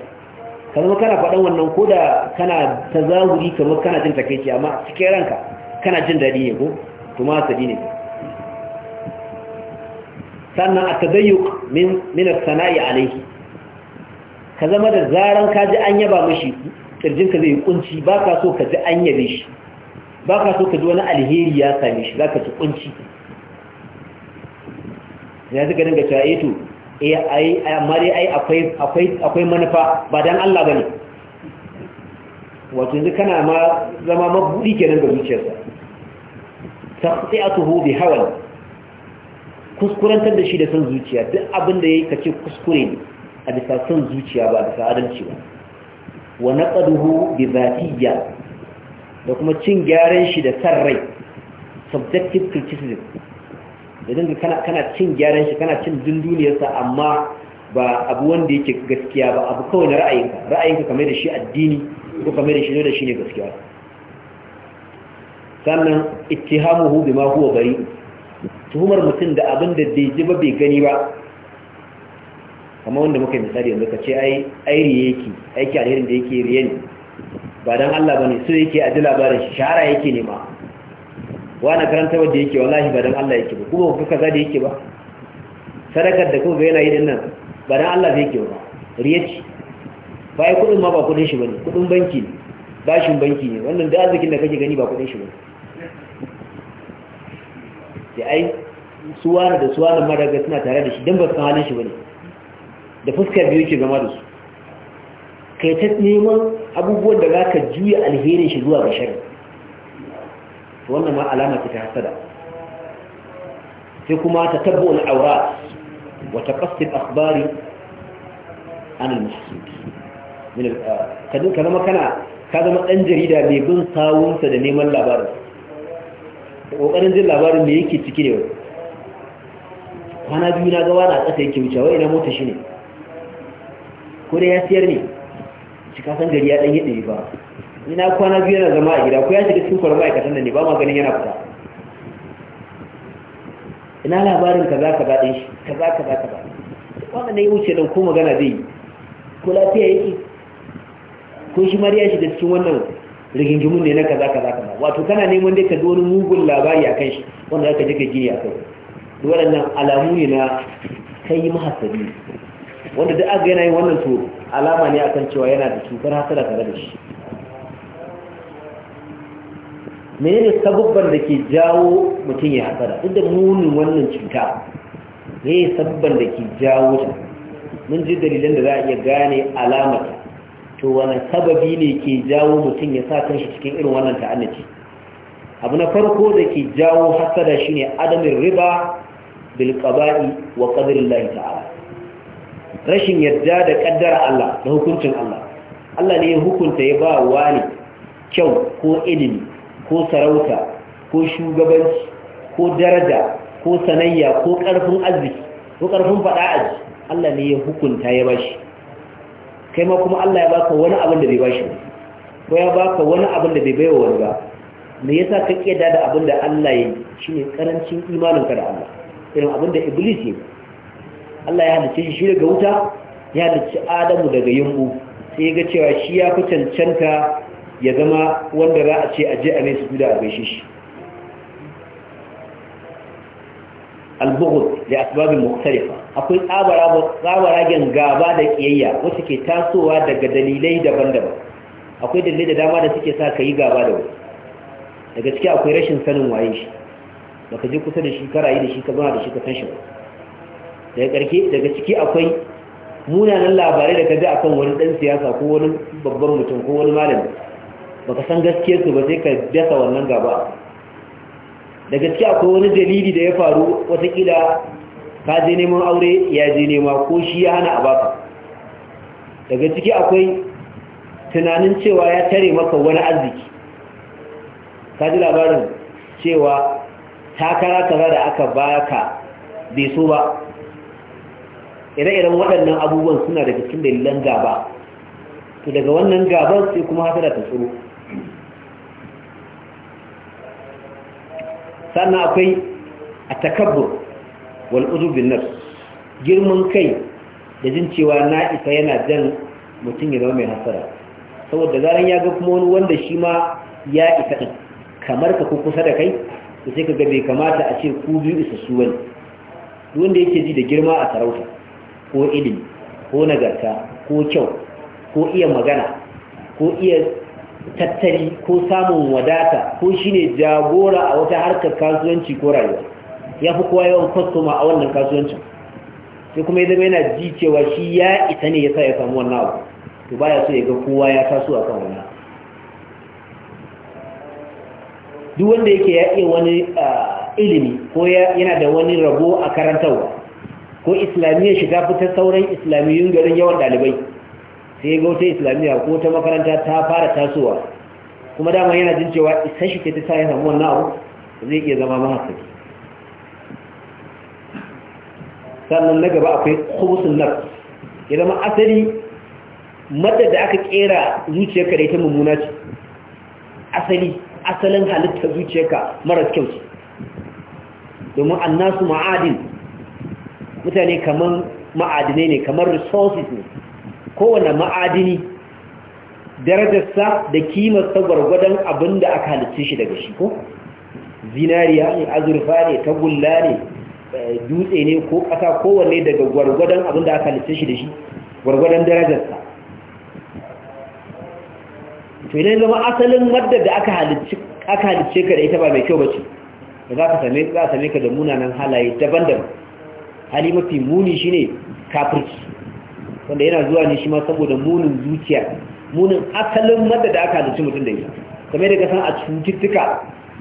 kamar kana faɗan wannan ko da kana tazahuri kamar kana jin takaici amma cikin ranka kana jin daɗi ne ko kuma sadi ne sannan a tazayyuk min min sana'i alaihi ka zama da zaran ka ji an yaba mishi kirjinka zai kunci baka so ka ji an yabe shi ba ka so ka ji wani alheri ya same shi za ka ci kunci ya zika dinga cewa eto eh eh, amma dai ai akwai manufa ba don Allah ba ne wato yanzu kana ma zama mabuɗi kenan ga zuciyarsa ta sai a tuho bi hawan kuskurantar da shi da son zuciya duk abin da ya yi kace kuskure ne a bisa son zuciya ba bisa adalci ba wa naqaduhu bi zatiyya da kuma cin gyaran shi da san rai subjective criticism da dinga kana kana cin gyaran shi kana cin dunduniyarsa amma ba abu wanda yake gaskiya ba abu kawai na ra'ayinka ra'ayinka kamar da shi addini ko kamar da shi da shi ne gaskiya sannan ittihamuhu bima huwa bari tuhumar mutum da abin da bai ji ba bai gani ba kamar wanda muka yi misali yanzu ka ce ai ai riye yake aiki alherin da yake riye ne ba dan Allah bane so yake a ji labarin shi shahara yake nema wani karanta wadda yake wallahi ba dan Allah yake ba kuma ku kaza da yake ba sadakar da kuka yana yi din nan ba dan Allah zai yake ba riyaci ba ai kudin ma ba kudin shi bane kudin banki ne bashin banki ne wannan da arzikin da kake gani ba kudin shi bane sai ai suwana da suwana madaga suna tare da shi dan ba su halin shi bane da fuskar biyu ke zama da su kai ta neman abubuwan da za ka juya alherin shi zuwa ga shari wannan ma alama ce ta hasada sai kuma ta tabbo wani aura wata ƙasir akbari anil musulmi ah, ka zama kana ka zama ɗan jarida mai bin sawunsa da neman labarin da ƙoƙarin jin labarin mai yake ciki ne kwana biyu na gawa na ƙasa yake wuce wai na mota shi ne ko da ya siyar ne shi kasan gari ya ɗanyi ɗaya ba ina kwana biyu yana zama a gida ko ya shiga cikin kwarar ma'aikatan da ne ba ma ganin yana fita ina labarin kaza kaza ɗin shi kaza kaza kaza wanda na yi wuce nan ko magana zai yi ko lafiya yake ko shi ya shiga cikin wannan rigingimun ne na kaza kaza kaza wato kana neman dai ka zo wani mugun labari akan shi wanda ka je ka gini akan waɗannan alamu ne na kai mahasabi wanda duk aka yana yin wannan to alama ne akan cewa yana da cutar hasada tare da shi menene sabubban da ke jawo mutum ya hasada duk da munin wannan cuta ne sabubban da ke jawo ta mun ji dalilan da za a iya gane alamata to wani sababi ne ke jawo mutum ya sa kanshi cikin irin wannan ta'annaci abu na farko da ke jawo hasada shine adamin riba bil qada'i wa qadarillahi ta'ala rashin yadda da kaddara Allah da hukuncin Allah Allah ne ya hukunta ya ba wani kyau ko ilimi ko sarauta ko shugabanci ko daraja ko sanayya ko karfin arziki ko karfin fada ji Allah ne ya hukunta ya ba shi. kai ma kuma Allah ya baka wani abin da bai ba shi, ko ya baka wani abin da bai baiwa wani ba me yasa ka kiyada da abin da Allah ya yi shine karancin imanin ka da Allah irin abin da iblis ya yi Allah ya halicce shi daga wuta ya halicci Adamu daga yumbu sai ga cewa shi ya fi cancanta ya zama wanda za a ce aje a mai sujuda a gaishe shi al-bughd li asbab mukhtalifa akwai tsabara tsabara gaba da kiyayya wacce ke tasowa daga dalilai daban-daban akwai dalilai da dama da suke sa ka yi gaba da wasu daga ciki akwai rashin sanin waye shi baka je kusa da shi karayi da shi ka zama da shi ka san shi ba daga ƙarke daga ciki akwai munanan labarai da ka ji akan wani ɗan siyasa ko wani babban mutum ko wani malami baka san gaskiyar su ba sai ka dasa wannan gaba Daga ciki, akwai wani dalili da ya faru watakila ka je neman aure ya je nema ko shi ya hana a baka daga ciki akwai tunanin cewa ya tare maka wani arziki ka ji labarin cewa takara kaza da aka baka bai so ba ire-iren waɗannan abubuwan suna da cikin dalilan gaba to daga wannan gaban sai kuma hasara ta tsoro sannan akwai a takabbur wal uzubin girman kai da jin cewa na isa yana jan mutum ya zama mai hasara saboda zaran ya ga kuma wani wanda shi ma ya isa din kamar ka ku kusa da kai sai ka ga bai kamata a ce ku biyu isa su wani wanda yake ji da girma a sarauta ko ilimi ko nagarta ko kyau ko iya magana ko iya tattali ko samun wadata ko shine jagora a wata harkar kasuwanci ko rayuwa ya fi kowa yawan kwastoma a wannan kasuwancin sai kuma ya zama yana ji cewa shi ya isa ne ya sa ya samu wannan abu to baya so ya ga kowa ya taso a kan wannan duk wanda yake ya iya wani ah, ilimi ko yana da wani rabo a karantarwa ko islamiyyar shi ta fitar sauran islamiyyun garin yawan ɗalibai sai ga wata islamiyya ko ta makaranta ta fara tasowa kuma dama yana jin cewa isa shi ta sa ya samu wannan abu zai iya zama mahasaki sannan na gaba akwai kubusun nan ya zama asali madda da aka kera zuciyarka da ita mummuna ce asali asalin halitta zuciyarka marar kyau ce domin annasu ma'adin mutane kaman ma'adinai ne kamar resources ne kowane ma'adini darajarsa da kimar ta gwargwadon abin da aka halittu shi daga shi ko zinariya ne azurfa ne tagulla ne eh, dutse ne ko ƙasa kowanne daga gwargwadon abin da aka halittu shi da shi gwargwadon darajarsa to idan zama asalin madda da aka halicce ka da ita ba mai kyau ba ce za ka same ka da munanan halaye daban-daban hali mafi muni shine kafirci wanda yana zuwa ne shi ma saboda munin zuciya munin asalin madda da aka halicci mutum da ita kamar da kasan a cututtuka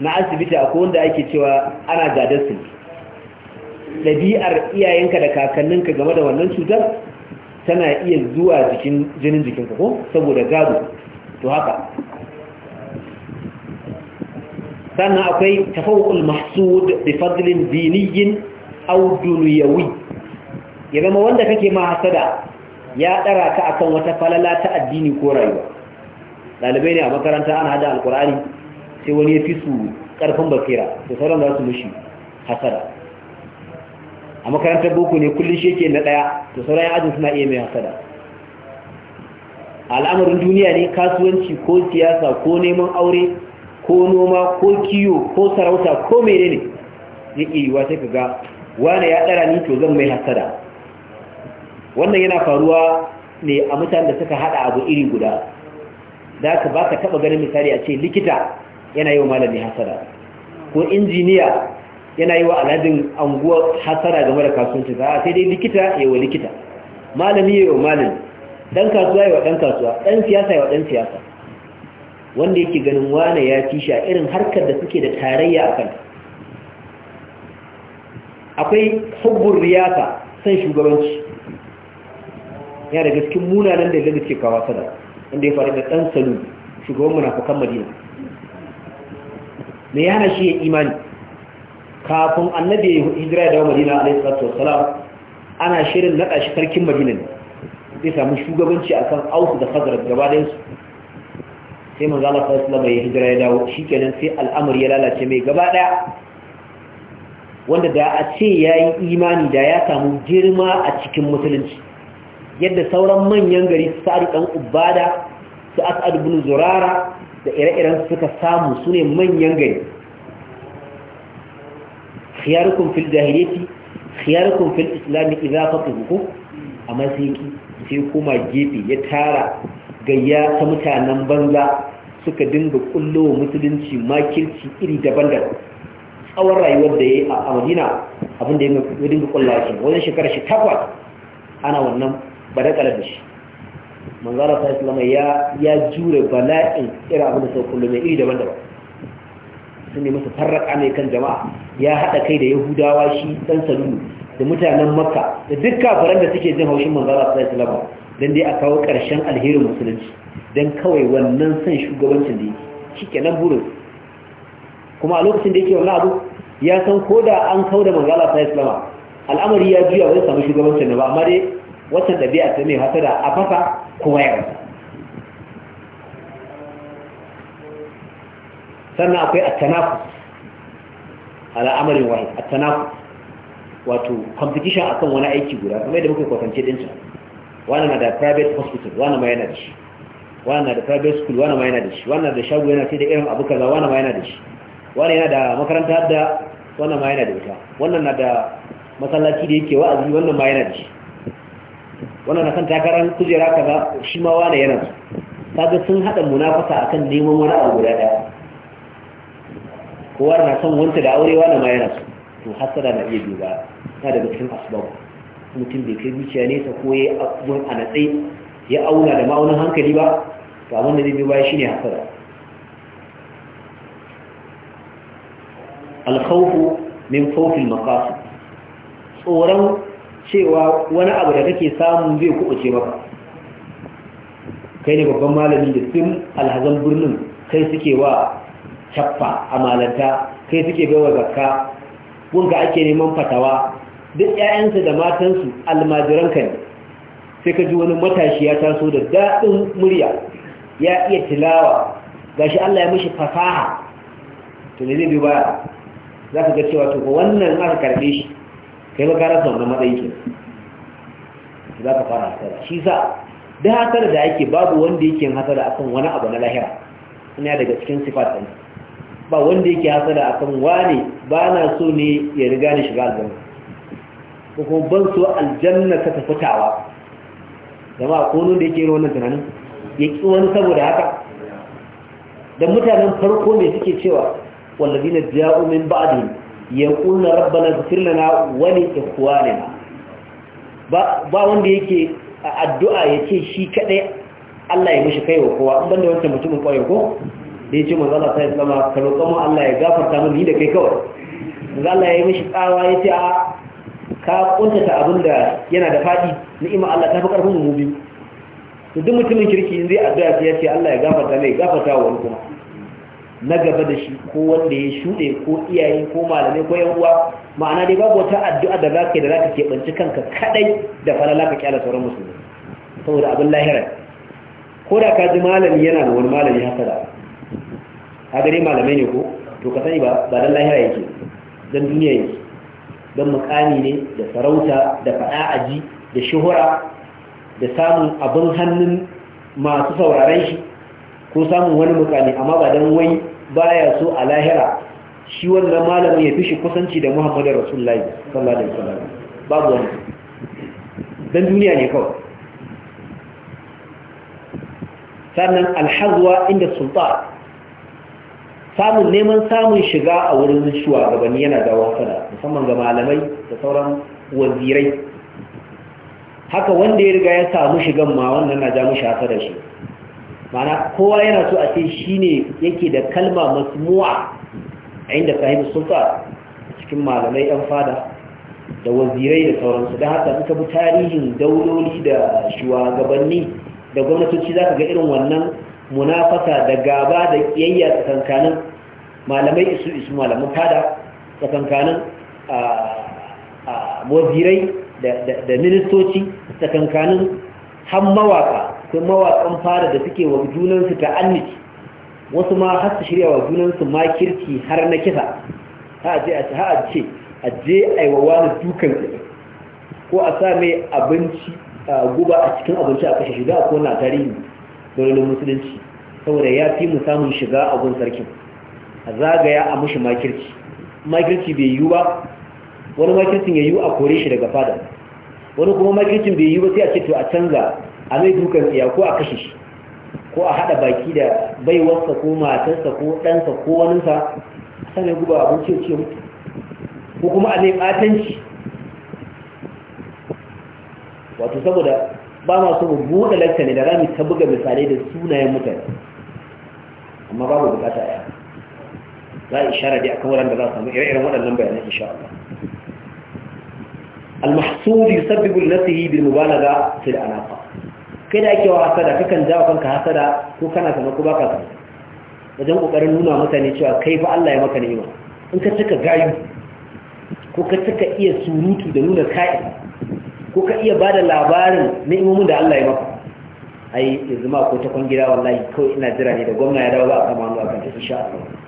na asibiti a wanda ake cewa ana gadar su ɗabi'ar iyayenka da kakanninka game da wannan cutar tana iya zuwa jikin jinin jikinka ko saboda gado to haka sannan akwai tafawul mahsud bi fadlin diniyin aw dunyawi ya zama wanda kake ma hasada ya dara ka akan wata falala ta addini ko rayuwa dalibai ne a makaranta ana hada alƙur'ani, sai wani ya fi su karfin basira da sauran za su mushi hasada a makarantar boko ne kullum shi na ɗaya, to sauran yan ajin suna iya mai hasada al'amarin duniya ne kasuwanci ko siyasa ko neman aure ko noma ko kiyo ko sarauta ko menene yake yiwa sai ka ga wane ya ɗara ni to zan mai hasada wannan yana faruwa ne a mutanen da suka hada abu iri guda da ka ka taba ganin misali a ce likita yana yi wa malami hasada ko injiniya yana yi wa aladin anguwa hasara game da kasuwanci za a sai dai likita ya wa likita malami ya wa malami dan kasuwa ya wa dan kasuwa dan siyasa ya wa dan siyasa wanda yake ganin wane ya kisha irin harkar da suke da tarayya a kanta akwai hubbun riyata, san shugabanci ya daga cikin munanan da zai ce kawo sada inda ya faru da ɗan salu shugaban munafukan madina mai yana shi ya imani kafin annabi ya yi hijira da madina a laifin wasalam ana shirin naɗa shi sarkin madina ne zai samu shugabanci a kan auku da fadar gabaɗinsu sai manzala sallallahu alaihi hijira ya dawo shi kenan sai al'amur ya lalace mai gaba ɗaya wanda da a ce ya yi imani da ya samu girma a cikin musulunci yadda sauran manyan gari su sa'adu ɗan ubada su as'adu bin zurara da ire-iren suka samu su ne manyan gari khiyarukun fil jahiliyyati khiyarukun fil islami idza fatihu amma sai sai kuma gefe ya tara gayya ta mutanen banza suka dinga kullo musulunci makirci iri daban-daban tsawon rayuwar da ya yi a madina abin da ya dinga kulla shi wajen shekara shi takwas ana wannan badakalar da shi manzara ta lamar ya jure bala'in irin abin da sau kullum mai iri daban-daban sun nemi su farraka mai kan jama'a ya haɗa kai da yahudawa shi ɗan salulu da mutanen makka da duk kafaran da suke jin haushin manzara ta lamar don dai a kawo ƙarshen alherin musulunci Dan kawai wannan san shugabancin da yake shi kenan burin kuma a lokacin da yake wani abu ya san ko da an kau da mangala ta islama al'amari ya juya wani samun shugabancin ba amma dai waccan ɗabi'a ta mai hasada a fasa kuma ya rasa sannan akwai attanaku al'amarin wahid attanaku wato competition akan wani aiki guda kuma yadda muka kwatance dinta wani na da private hospital wani ma yana da shi wani na da private school wani ma yana da shi wani na da shago yana sai da irin abu kaza wani ma yana da shi wani yana da makaranta hadda wannan ma yana da wuta wannan na da masallaci da yake wa'azi wannan ma yana da shi wannan na kan takarar kujera kaza shi ma wani yana su kaga sun haɗa munafasa akan neman wani abu guda ɗaya kowa na son wanta da aure wani ma yana su to hasada na iya biyu ba na daga cikin asibabu mutum bai kai zuciya nesa ko ya yi a natsai ya auna da ma'aunin hankali ba to abin da zai biyu baya shine hasada alkhawfu min khawfil maqasid tsoron cewa wani abu da kake samu zai kubuce maka kai ne babban malamin da tun alhazan birnin kai suke wa cappa a malanta kai suke baiwa zakka gunka ake neman fatawa duk 'ya'yansu da matansu almajiranka ne sai ka ji wani matashi ya taso da daɗin murya ya iya tilawa gashi Allah ya mishi fasaha to ne zai bi baya za ka ga cewa tuku wannan aka karbe shi kai ba karasa wannan matsayi ke za ka fara hasara shi sa da hasara da yake babu wanda yake hasara akan wani abu na lahira ina daga cikin sifat ɗin ba wanda yake hasara akan wane ba na so ne ya riga ni shiga aljanna ko kuma ban so aljanna ta tafitawa zama a nun da yake wannan tunanin ya ki wani saboda haka da mutanen farko ne suke cewa والذين جاءوا من بعدهم يقولون ربنا اغفر لنا ولإخواننا ba wanda yake a addu'a ya ce shi kaɗai Allah ya mishi kai wa kowa ban da wancan mutumin kwayo ko da ya ce manzala ta islama ka roƙon mu Allah ya gafarta mu yi da kai kawai manzala ya yi mishi tsawa ya ce a ka ƙuntata abin da yana da faɗi ni'ima Allah ta fi ƙarfin mu biyu duk mutumin kirki in zai addu'a ya ce Allah ya gafarta mai gafarta wa wani kuma na gaba da shi ko wanda ya shuɗe ko iyaye ko malamai ko uwa ma'ana dai babu wata addu'a da zaka da zaka keɓanci kanka kaɗai da fara ka kyala sauran musulmi saboda abin lahira ko da ka ji malami yana da wani malami haka da a gare malamai ne ko to ka sani ba ba dan lahira yake dan duniya yake dan mukami ne da sarauta da faɗa aji da shuhura da samun abin hannun masu sauraren shi ko samun wani mukami amma ba dan wai baya so a lahira shi wannan malamin ya fi shi kusanci da muhammadu rasulullahi sallallahu alaihi wasallam babu wani dan duniya ne kawai sannan alhazwa inda sultan samun neman samun shiga a wurin shugabanni yana da wasana musamman ga malamai da sauran wazirai haka wanda ya riga ya samu shigan ma wannan na ja mushi hasara shi Ma'ana kowa yana so a ce shi ne yake da kalma masu mu'a, a inda sahibu sulta cikin malamai yan fada da wazirai da sauransu da haka suka bi tarihin dauloli da shugabanni da gwamnatoci za ka ga irin wannan munafasa da gaba da kiyayya tsakankanin malamai isu isu malamun fada tsakankanin wazirai da ministoci tsakankanin har mawaka sun mawakan fara da suke wa junansu ta anniki wasu ma har su shirya wa junansu ma kirki har na kisa ha a ce a je a yi wa wani dukan ko a sa mai abinci guba a cikin abinci a kashe shiga a kona tarihi dole musulunci saboda ya fi mu samun shiga a gun sarkin a zagaya a mushi makirci makirci bai yiwu ba wani makircin ya yiwu a kore shi daga fada wani kuma makircin bai yi ba sai a ce to a canza a mai dukan tsiya ko a kashe shi ko a haɗa baki da bai wasa ko matarsa ko ɗansa ko waninsa sannan guba abin ce ce ko kuma a mai ɓatanci wato saboda ba ma so mu buɗe lakta ne da rami ta buga misalai da sunayen mutane amma babu bukata ya za a ishara dai akan da za su samu ire-iren waɗannan bayanan insha Allah al-mahsud yusabbibu nafsihi bil mubalagha fi al-anaqa kai da ake wa hasada kakan jawo kanka hasada ko kana sanar ko baka sanar wajen kokarin nuna mutane cewa kai fa Allah ya maka ni'ima in ka cika gayu ko ka cika iya surutu da nuna kai ko ka iya bada labarin ni'imomin da Allah ya maka ai yanzu ma ko ta kwangira wallahi kawai ina jira ne da gwamna ya dawo ba a kamanu a kan ta insha Allah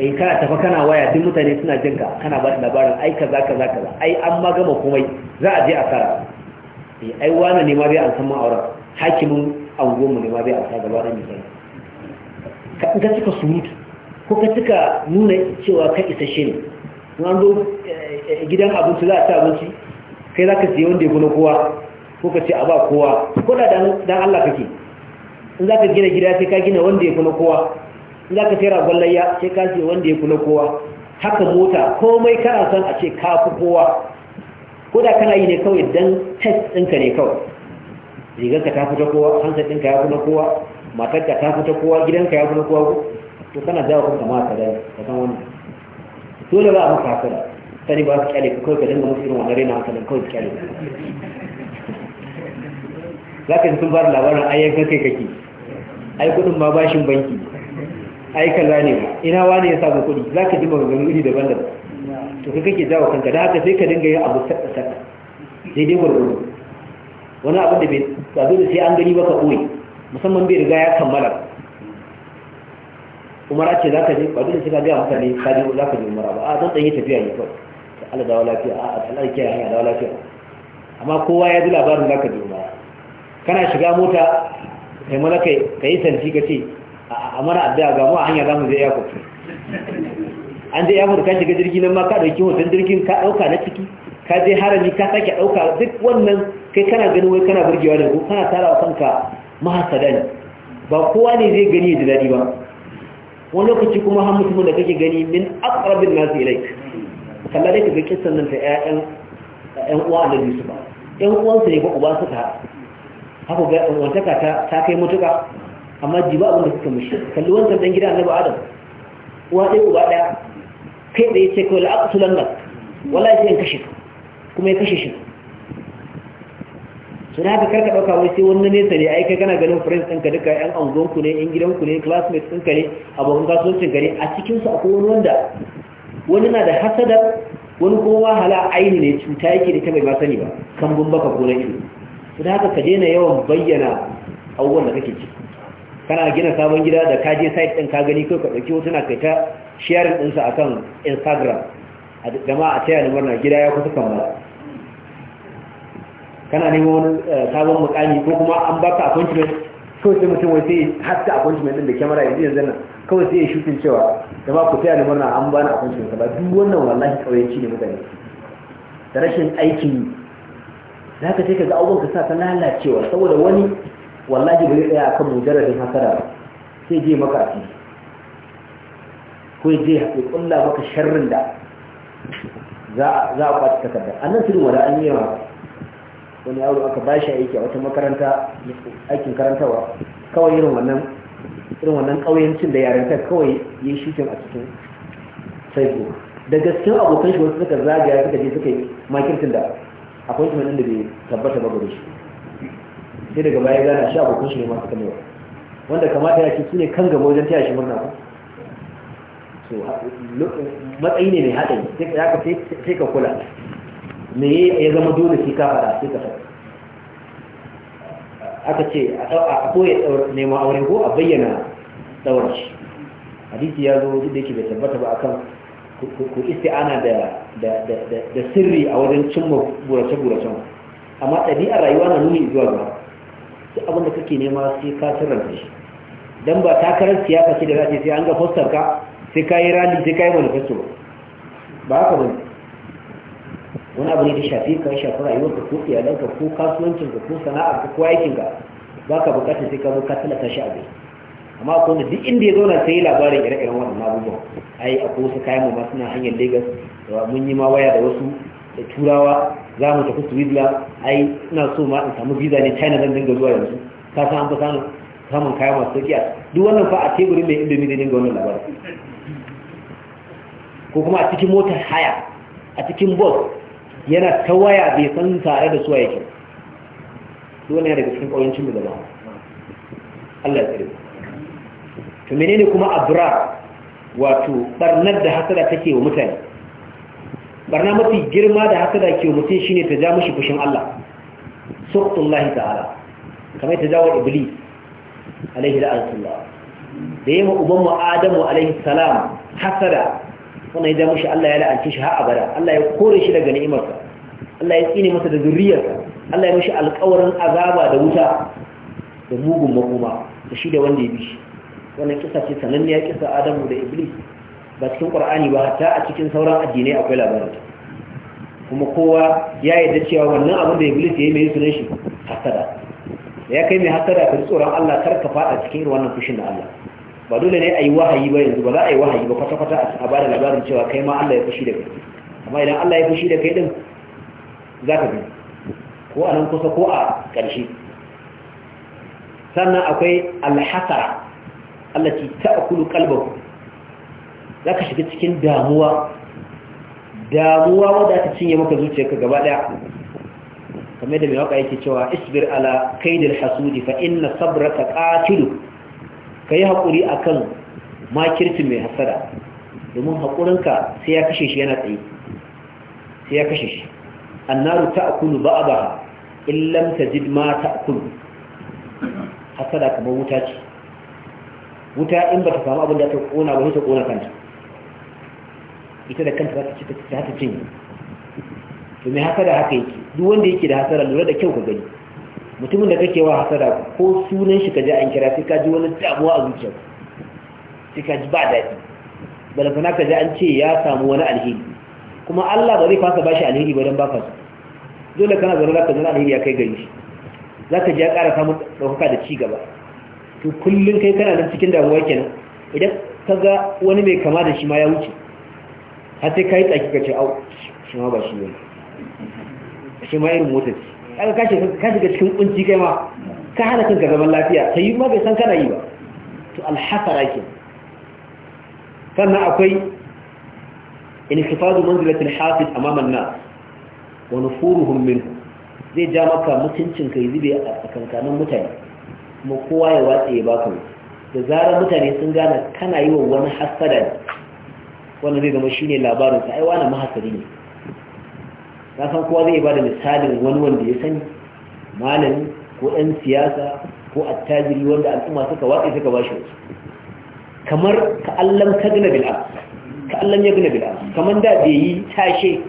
in eh, kana tafa kana waya duk mutane suna jin ka kana ba da labarin ai kaza kaza kaza ai an ma gama komai za a je a fara eh, ai wani ne ma bai an san ma auren hakimin angonmu ne ma bai an san gaba da misali ka cika surutu ko ka cika nuna cewa ka isa shi ne an zo eh, gidan abinci za a ci abinci kai za ka siya wanda ya kuna kowa ko ka ce a ba kowa ko da dan Allah kake in za ka gina gida sai ka gina wanda ya kuna kowa za ka tera gwallaya sai ka ce wanda ya kula kowa haka mota komai kana son a ce ka fi kowa ko da kana yi ne kawai don test ɗinka ne kawai rigarka ta fita kowa hansar ɗinka ya kula kowa matarka ta fita kowa gidanka ya kula kowa to kana jawo kuma kama ka dai ka san wannan dole ba a maka hasara sani ba su kyale ka kawai ka dinga musu irin wannan rena hankalin kawai su kyale za ka sun ba da labarin ayyukan kai kake ai kudin ma bashin banki ai kaza ne ina wani ya samu kuɗi za ka ji maganganu iri daban-daban to ka kake jawo kanka da haka sai ka dinga yin abu sakka daidai gwargwaro wani abin da bai tsado da sai an gani baka ɓoye musamman bai riga ya kammala umara ce za ka je da dole sai ka gaya mutane ka je za ka je umara ba a zan ɗan tafiya ne kawai ta ala dawo lafiya a ala kiyaye hanya dawo lafiya amma kowa ya ji labarin za ka je umara kana shiga mota kai mana kai ka yi santi ka ce a mana addu'a ga mu a hanya zamu je airport an je airport ka shiga jirgi nan ma ka dauki hoton jirgin ka dauka na ciki ka je harami ka sake dauka duk wannan kai kana ganin wai kana burgewa ne ko kana tara wa kanka mahasada ne ba kowa ne zai gani da dadi ba wani lokaci kuma har mutumin da kake gani min aqrabin nasu ilaik kalla dai kaga kissan nan ta ƴaƴan ƴan uwa da Yusuf ƴan uwansa ne ko uba suka haka ga wantaka ta kai mutuka amma jiba abin da suka mishi kalli wancan dan gida annabi adam uwa ɗaya uba ɗaya kai tsaye ce kawai la'aqtulan nan wallahi sai in kashe ka kuma ya kashe shi su da haka karka ɗauka wai sai wani nesa ne ai kai kana ganin friends ɗinka duka yan angonku ne yan gidanku ne classmates ɗinka ne abokan kasuwancin gari a cikinsu akwai wani wanda wani na da hasadar wani kuma wahala aini ne cuta yake da ta bai ba sani ba kan bambaka baka ko na ido su da haka ka daina yawan bayyana abubuwan da kake ciki kana gina sabon gida da ka je site din ka gani kai ka dauki hotuna kai ta sharing din sa akan Instagram a jama'a a taya da murna gida ya kusa kan ba kana neman wani eh, sabon mukami ko kuma an baka appointment kawai sai mutum wai sai hatta appointment din da kyamara yanzu yanzu nan kawai sai ya shutin cewa jama'a ku taya da murna an bani appointment ba duk wannan wallahi kauyanci ne mutane da rashin aikin yi za ka sai ka ga abubuwan ka sa ta lalacewa saboda wani wallahi bai tsaya akan mujarradin hasara ba sai je maka afi ko je ya kulla maka sharrin da za a kwaci takardar annan sirri wala an yi yawa wani yaro aka ba shi aiki a wata makaranta aikin karantawa kawai irin wannan irin wannan ƙauyancin da yaranta kawai ya shukin a cikin facebook da gaskiyar abokan shi wasu suka zagaya suka je suka yi makirtin da akwai tunanin da bai tabbata ba gare shi sai daga baya gane shi abokan shi ne masu kamewa wanda kamata ya ce su ne kan gaba wajen taya shi murna ku so matsayi ne mai haɗari sai ka kula me ya zama dole sai ka fara sai ka fara aka ce a koya neman wurin ko a bayyana tsawarci hadisi ya zo duk da yake bai tabbata ba akan ku isti'ana da da sirri a wajen cimma burace-buracen amma ɗabi'ar rayuwa na nuni zuwa zuwa duk abin da kake nema sai ka sirranta shi dan ba takarar siyasa ce da za sai an ga fostar ka sai ka yi rally sai ka yi manifesto ba haka ba wani abu ne da shafi ka shafi ka ko iyalanka ko kasuwancinka ko sana'arka ko aikinka ba ka bukatar sai ka zo ka talata shi abin amma akwai wanda duk inda ya zauna sai yi labarin ire-iren wannan abubuwan ai akwai wasu kayan mu suna hanyar lagos mun yi ma waya da wasu da turawa za mu tafi swidla ai ina so ma in samu visa ne china zan dinga zuwa yanzu ka san an fi samun kaya masu sauki duk wannan fa a teburin mai indomi zai dinga wannan labarin ko kuma a cikin motar haya a cikin bus yana ta waya bai san tare da suwa yake duk wannan daga cikin ƙauyancin mu ba Allah ya tsare to menene kuma abra wato barnar da hasada take wa mutane barna mafi girma da haka da ke mutum shine ta ja mashi fushin Allah suqtullahi ta'ala kamar ta jawo iblis alaihi la'anatullah da yi uban mu adamu alaihi salam hasada wannan ya ja mashi Allah ya la'anci shi har abada Allah ya kore shi daga ni'imarsa Allah ya tsine masa da zuriyarsa Allah ya mashi alƙawarin azaba da wuta da mugun makoma da shi da wanda ya bi shi wannan kisa ce sananniya kisa adamu da iblis ba cikin ƙur'ani ba ta a cikin sauran addinai akwai labarin kuma kowa ya da cewa wannan abin da iblis ya yi mai sunan shi hasada ya kai mai hasada ka tsoron Allah kar ka fada cikin irin wannan fushin da Allah ba dole ne a yi wahayi ba yanzu ba za a yi wahayi ba kwata-kwata a ba da labarin cewa kai ma Allah ya fushi da kai amma idan Allah ya fushi da kai din za ka bi ko a nan kusa ko a ƙarshe sannan akwai alhasara Allah ci ta akulu kalbaku za ka shiga cikin damuwa damuwa wadda ta cinye maka zuciyarka gaba daya kamar da mai waka yake cewa isbir ala kaidil hasudi fa inna sabraka Ka yi hakuri akan makirci mai hasada domin hakurinka sai ya kashe shi yana tsaye sai ya kashe shi annaru ta'kulu ba'daha in lam tajid ma ta'kulu hasada kamar wuta ce wuta in bata samu abin da ta kona ba sai ta kona kanta ita da kanta za ta ci ta ta cinye to mai hasara haka yake duk wanda yake da hasara lura da kyau ka gani mutumin da kake wa hasara ko sunan shi ka ji an kira sai ka ji wani damuwa a zuciya sai ka ji ba daɗi fa ka ji an ce ya samu wani alheri kuma Allah ba zai fasa bashi alheri ba don baka su dole kana zaune za ka zama alheri ya kai gari shi za ka ji ya ƙara samun ɗaukaka da ci gaba to kullum kai kana nan cikin damuwa kenan idan ka ga wani mai kama da shi ma ya wuce har sai kai tsaki kace au shi ma ba shi ne shi ma irin motar aka kace ka shiga cikin kunci kai ma ka hana kanka zaman lafiya sai ma bai san kana yi ba to alhasara ke sannan akwai inkhifadu manzilatil hafid amaman na wa nufuruhum min zai ja maka mutuncin kai zube a kankanin mutane kuma kowa ya watse ya baka da zarar mutane sun gane kana yi wa wani hasada wannan zai zama shi ne labarin sa aiwa wani mahasari ne san kowa zai bada misalin wani wanda ya sani malami ko ɗan siyasa ko attajiri wanda al'umma suka watsa suka bashi wasu kamar ka allam gina bil ka allam gina kamar da bai yi tashe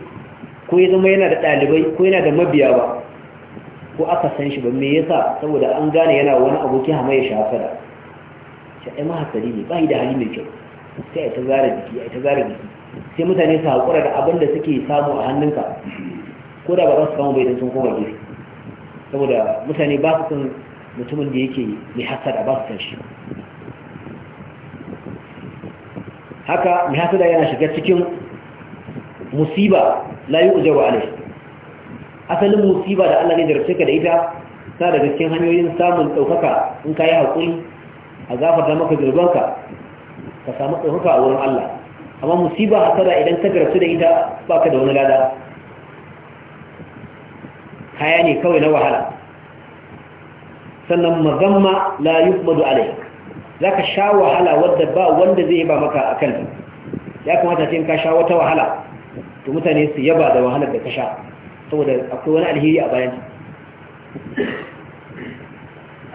ko ya zama yana da ɗalibai ko yana da mabiya ba ko aka san shi ba me yasa saboda an gane yana wani abokin hamayya shafara shi ai mahasari ne ba da hali mai kyau sai ta zara jiki ta zara jiki sai mutane su haƙura da abin da suke samu a hannunka ko da ba za su samu bai sun koma gefe saboda mutane ba su san mutumin da yake mai hasada ba su san shi haka mai hasada yana shiga cikin musiba la yi wa alai asalin musiba da Allah ne da ka da ita ta daga cikin hanyoyin samun ɗaukaka in ka yi haƙuri a gafarta maka zurbanka ka samu ɗaukaka a wurin Allah amma musiba hasara idan ka garsu da ita ba ka da wani lada kaya ne kawai na wahala sannan mazamma la yuhmadu za ka sha wahala wadda ba wanda zai ba maka akan ya kamata ce in ka sha wata wahala to mutane su yaba da wahalar da ka sha saboda akwai wani alheri a bayan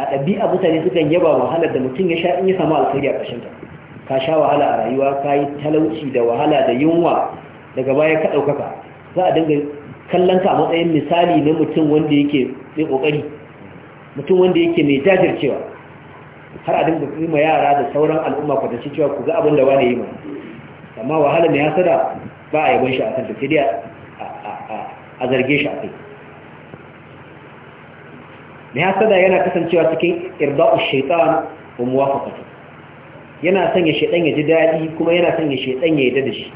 a ɗabi'a mutane sukan yaba wahalar da mutum ya sha in ya samu alkhairi a ƙarshen ta ka sha wahala a rayuwa ka yi talauci da wahala da yunwa daga baya ka ɗaukaka za a dinga kallon ka a matsayin misali na mutum wanda yake mai ƙoƙari mutum wanda yake mai jajircewa har a dinga kima yara da sauran al'umma kwatanci cewa ku ga abin da wani yi ma amma wahala mai hasada ba a yabon shi a kanta sai dai a zarge shi a kai mai hasada yana kasancewa cikin irda'u shaitan wa muwafaqatu yana son ya shaidan ya ji daɗi kuma yana son ya shaidan ya yadda da shi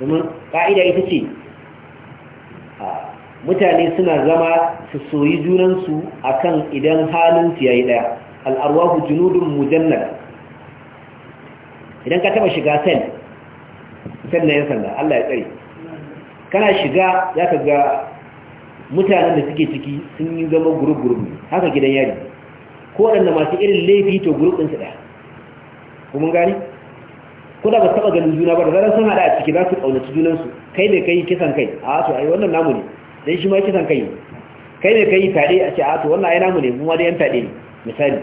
domin ƙa'ida ita ce mutane suna zama su soyi junansu akan idan halinsu ya yi ɗaya ku junudun mujannada idan ka taɓa shiga sel sel na yan sanda Allah ya tsari kana shiga za ka ga mutanen da suke ciki sun yi zama gurub haka gidan yari ko waɗanda masu irin laifi to gurub ɗinsu ɗaya kuma gani ko da ba taba ganin juna ba da zaran sun hada a ciki za su kaunaci junansu kai ne kai kisan kai a to ai wannan namu ne dan shi ma kisan kai kai ne kai tare a ce a to wannan ai namu ne mu ma da yan tade ne misali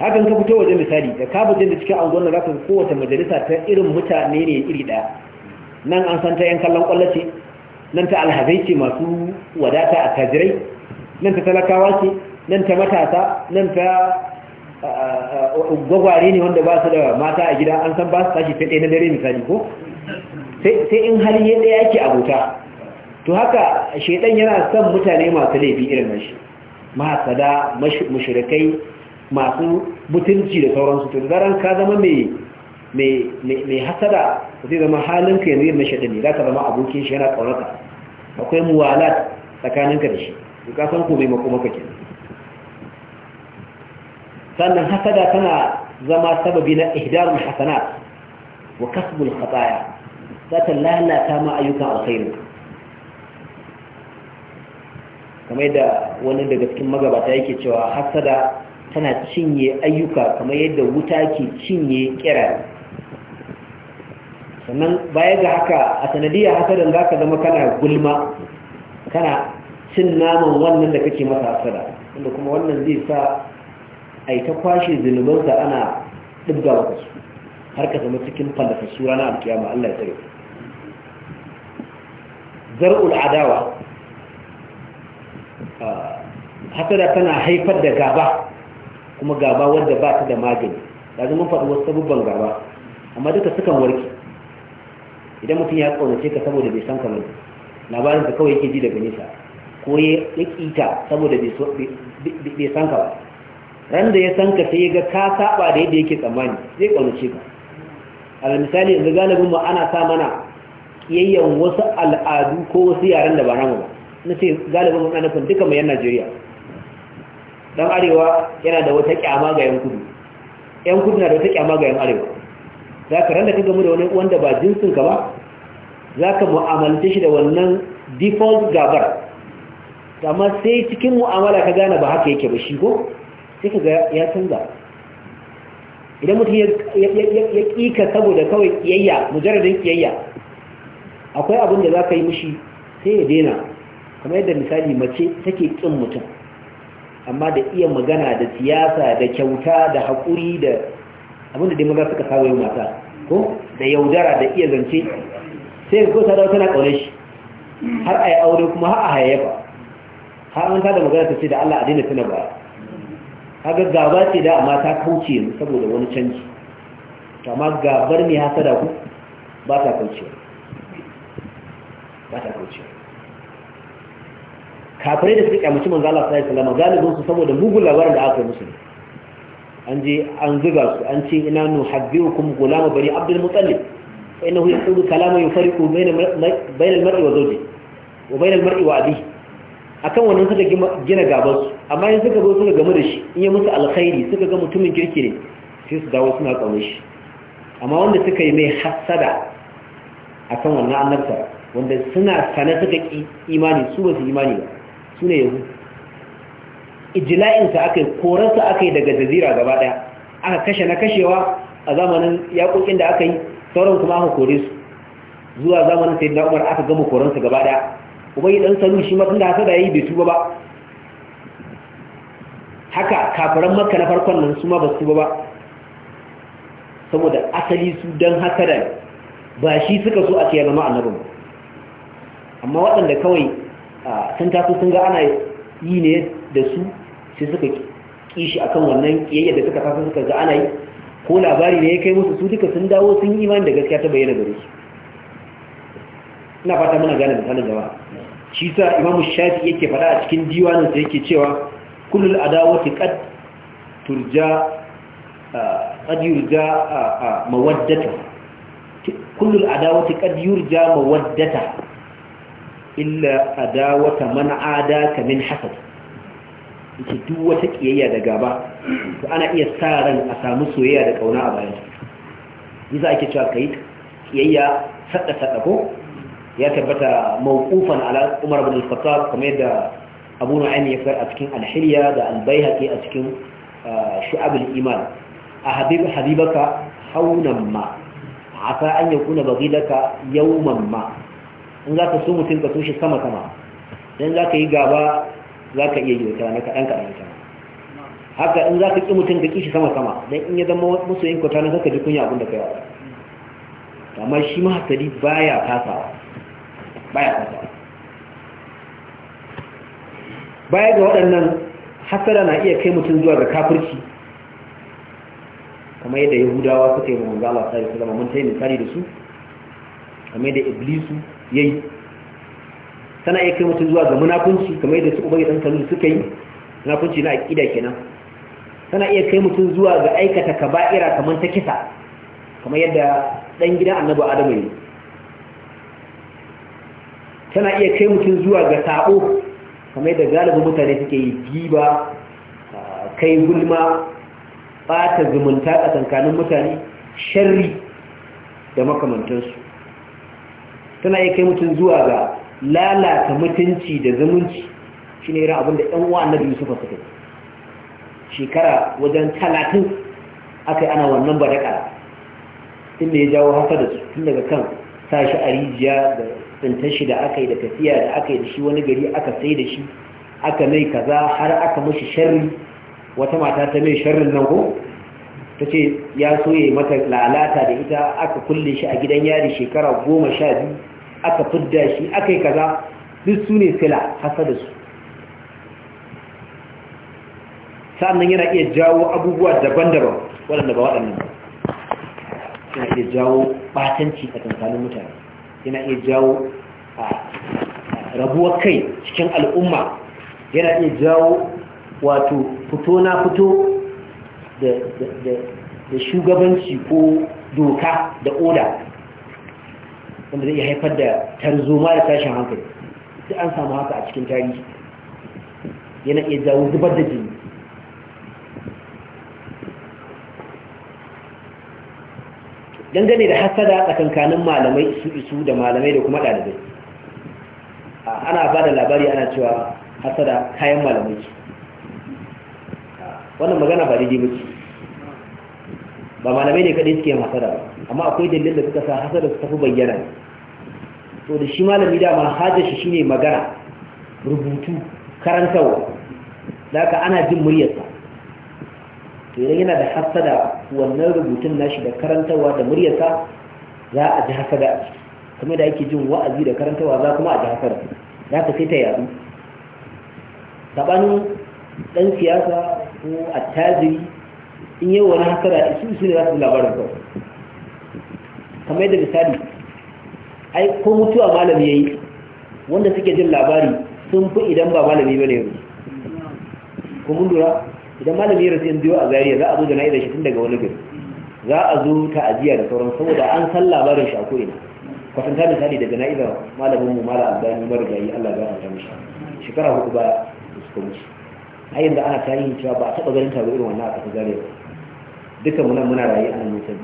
hakan ka fito waje misali da ka bujin da cikin angon da zaka kowace majalisa ta irin mutane ne iri daya nan an san ta yan kallon kwallace nan ta alhazaici masu wadata a tajirai nan ta talakawa ce nan ta matasa nan ta gwagware ne wanda ba su da mata a gida an san ba su tashi fete na dare misali ko sai in hali ya ɗaya yake abota to haka shaidan yana son mutane masu laifi irin nashi mahasada mashirikai masu mutunci da sauransu to zaran ka zama mai hasada zai zama halin ka yanzu yin shaɗa ne za ka zama abokin shi yana ƙaunaka akwai muwalat tsakaninka da shi ka san ko mai makomaka kenan sannan hasada tana zama sababi na ihdarul hasanat wa kasbul khataya za lalata ma ayyukan alkhairu kamar da wani daga cikin magabata yake cewa hasada tana cinye ayyuka kamar yadda wuta ke cinye kira sannan baya ga haka a sanadiyar hasadan za ka zama kana gulma kana cin naman wannan da kake masa hasada kuma wannan zai sa a yi ta kwashe zunubansa ana ɗibga wa kasu har ka zama cikin fallafassu rana alkiyama Allah ya tsare zar'ul adawa da tana haifar da gaba kuma gaba wadda ba ta da magani da zama faɗi wasu sabubban gaba amma duka sukan warke idan mutum ya kaunace ka saboda bai san kamar labarin ka kawai yake ji daga nesa ko ya ƙita saboda bai san ka ba randa ya san ka sai ga ka saba da yadda yake tsammani zai kaunace ka al misali yanzu galibin mu ana sa mana kiyayyen wasu al'adu ko wasu yaren da ba namu ba na ce galibin mu ana nufin duka mai yan Najeriya dan arewa yana da wata kyama ga yan kudu yan kudu na da wata kyama ga yan arewa za ka randa ka gamu da wani wanda ba jinsin ka ba za ka mu'amalce shi da wannan default gabar amma sai cikin mu'amala ka gane ba haka yake ba shi ko sai ka ga ya canza idan mutum ya ƙika saboda kawai ƙiyayya mujaradin ƙiyayya akwai abin da za ka yi mishi sai ya dena kamar yadda misali mace take ƙin mutum amma da iya magana da siyasa da kyauta da haƙuri da abin da dai maza suka kawo mata ko da yaudara da iya zance sai ko ta dawo tana ƙaunar shi har a yi aure kuma har a hayayyafa har an ta da magana ta ce da Allah a daina tana baya kaga gaba ce da amma ta kauce mu saboda wani canji amma gabar mai hasada ku ba ta kauce ba ta kauce kafirai da suka kyamaci manzo Allah sallallahu alaihi wasallam galibin su saboda mugun labarin da aka yi musu an je an zuga su an ce ina nu habbiukum gulam bani abdul muttalib fa innahu yaqulu kalama yufariqu bayna bayna al-mar'i wa zawjihi wa bayna al-mar'i wa abihi akan wannan suka gina su amma yin suka zo suka gamu da shi in yi musu alkhairi suka ga mutumin kirki ne sai su dawo suna tsammani shi amma wanda suka yi mai hassada akan wannan annabta wanda suna sane suka ki imani su ba su imani ba su ne yahu ijila'insa aka yi korarsa aka yi daga jazira gaba ɗaya aka kashe na kashewa a zamanin yaƙoƙin da aka yi sauran kuma aka kore su zuwa zamanin da umar aka gama koransa gaba ɗaya ubayi dan salu shi ma tunda da yayi bai tuba ba haka kafiran makka na farkon nan su ma ba su tuba ba saboda asali su dan hasada ba shi suka so a ce zama annabi amma waɗanda kawai sun taso sun ga ana yi ne da su sai suka kishi akan wannan kiyayya da suka taso suka ga ana yi ko labari ne ya kai musu su duka sun dawo sun yi imani da gaskiya ta bayyana gare shi ina fata muna gane misalin jama'a shi sa imamu shafi yake faɗa a cikin diwanin sa yake cewa kullul adawati qad turja qad yurja mawaddata kullul adawati qad yurja mawaddata illa adawata man adaka min hasad yake duk wata kiyayya da gaba to ana iya sa ran a samu soyayya da kauna a bayan yasa ake cewa kai kiyayya sadda sadda ko ya tabbata mawqufan ala Umar ibn al-Khattab kamar da Abu Nu'aym ya fara a cikin al-Hilya da al-Baihaqi a cikin uh, Shu'ab al-Iman a habib habibaka haunan ma asa an yakuna baghidaka yawman ma in za zaka so mutun ka so shi sama sama dan ka yi gaba za ka iya yota na kadan kadan ta haka in za ka ki mutun ka ki shi sama sama dan in ya zama musu yin kota na ka ji kunya abin da kai amma shi ma hasadi baya kasawa baya kwanta baya ga waɗannan hasara na iya kai mutum zuwa ga kafirci kamar yadda yahudawa suka yi wa manzo Allah sallallahu alaihi mun tayi misali da su kamar yadda iblisu yayi tana iya kai mutum zuwa ga munafunci kamar yadda su ubangi dan kallu suka yi munafunci na aqida kenan tana iya kai mutum zuwa ga aikata kaba'ira kamar ta kisa kamar yadda dan gidan annabi Adamu yayi tana iya kai mutum zuwa ga sabo kamar da galibin mutane suke yi giba kai gulma bata zumunta a tsakanin mutane sharri da makamantansu tana iya kai mutum zuwa ga lalata mutunci da zumunci shine irin abin da ɗan uwa annabi yusufa suka yi shekara wajen talatin aka yi ana wannan ƙara inda ya jawo haka da su tun daga kan sa shi a rijiya da tsintar shi da aka yi da tafiya da aka yi da shi wani gari aka sai da shi aka mai kaza har aka mashi sharri wata mata ta mai sharrin nan ko ta ce ya so mata lalata da ita aka kulle shi a gidan yari shekara goma sha biyu aka fidda shi aka yi kaza duk su ne sila hasa da su sa'annan yana iya jawo abubuwa daban-daban waɗanda ba waɗannan ba yana iya jawo batanci a tsakanin mutane yana iya jawo rabuwar kai cikin al'umma yana iya jawo wato fito na fito da shugabanci ko doka da oda wanda zai haifar da tarzoma da tashin hankali sai an samu haka a cikin tarihi yana iya jawo zubar da jini dangane da hasada a tsakankanin malamai isu isu da malamai da kuma ɗalibai ana ba da labari ana cewa hasada kayan malamai ce wannan magana ba daidai ba ba malamai ne kaɗai suke yin hasada ba amma akwai dalilin da suka sa hasada su tafi bayyana to da shi malami dama hajar shi shine magana rubutu karantarwa da ana jin muryarsa to yana da hasada wannan rubutun nashi da karantawa da muryarsa za a ji hasada kuma da ake jin wa'azi da karantawa za kuma a ji hasada za ka sai ta yadu sabanin dan siyasa ko attajiri in yau wani hasada su su ne za su labarin kawai kamar yadda misali ai ko mutuwa malami yayi wanda suke jin labari sun fi idan ba malami bane yau ko mun lura idan malami ya rasu in biyo a zariya za a zo da idan shi tun daga wani gari za a zo ta ajiya da sauran saboda an san labarin shi a ko'ina kwatanta misali daga idan malamin mu mala albani marigayi allah ga ta mishi shekara hudu ba da suka mutu a yanzu ana tarihi cewa ba a taɓa ganin taro irin wannan a ƙasar zariya dukkan mu nan muna rayu a nan mutum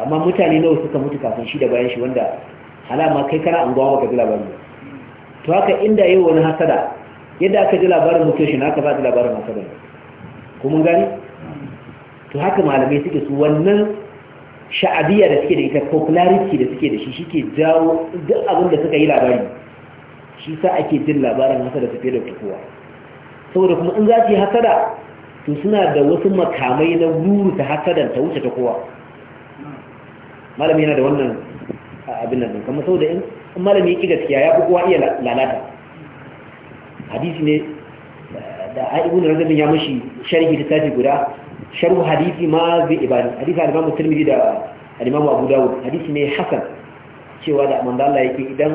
amma mutane nawa suka mutu kafin shi da bayan shi wanda halama kai kana anguwa maka ji labarin to haka inda yau wani hasada yadda aka ji labarin mutum shi na aka ba ji labarin masu bane kuma gani to haka malamai suke su wannan sha'abiyya da suke da ita popularity da suke da shi shike jawo duk abin da suka yi labari shi sa ake jin labarin masu da tafiye da kowa saboda kuma in za su yi hasada to suna da wasu makamai na ruru ta hasadan ta wuce ta kowa malami yana da wannan abin nan kamar saboda in malami ya ƙi gaskiya ya fi kowa iya lalata hadisi ne da ibn rajab ya mashi sharhi littafi guda sharhu hadisi ma zai ibani hadisi al-imam tirmidhi da al-imam abu dawud hadisi ne hasan cewa da manzo Allah yake idan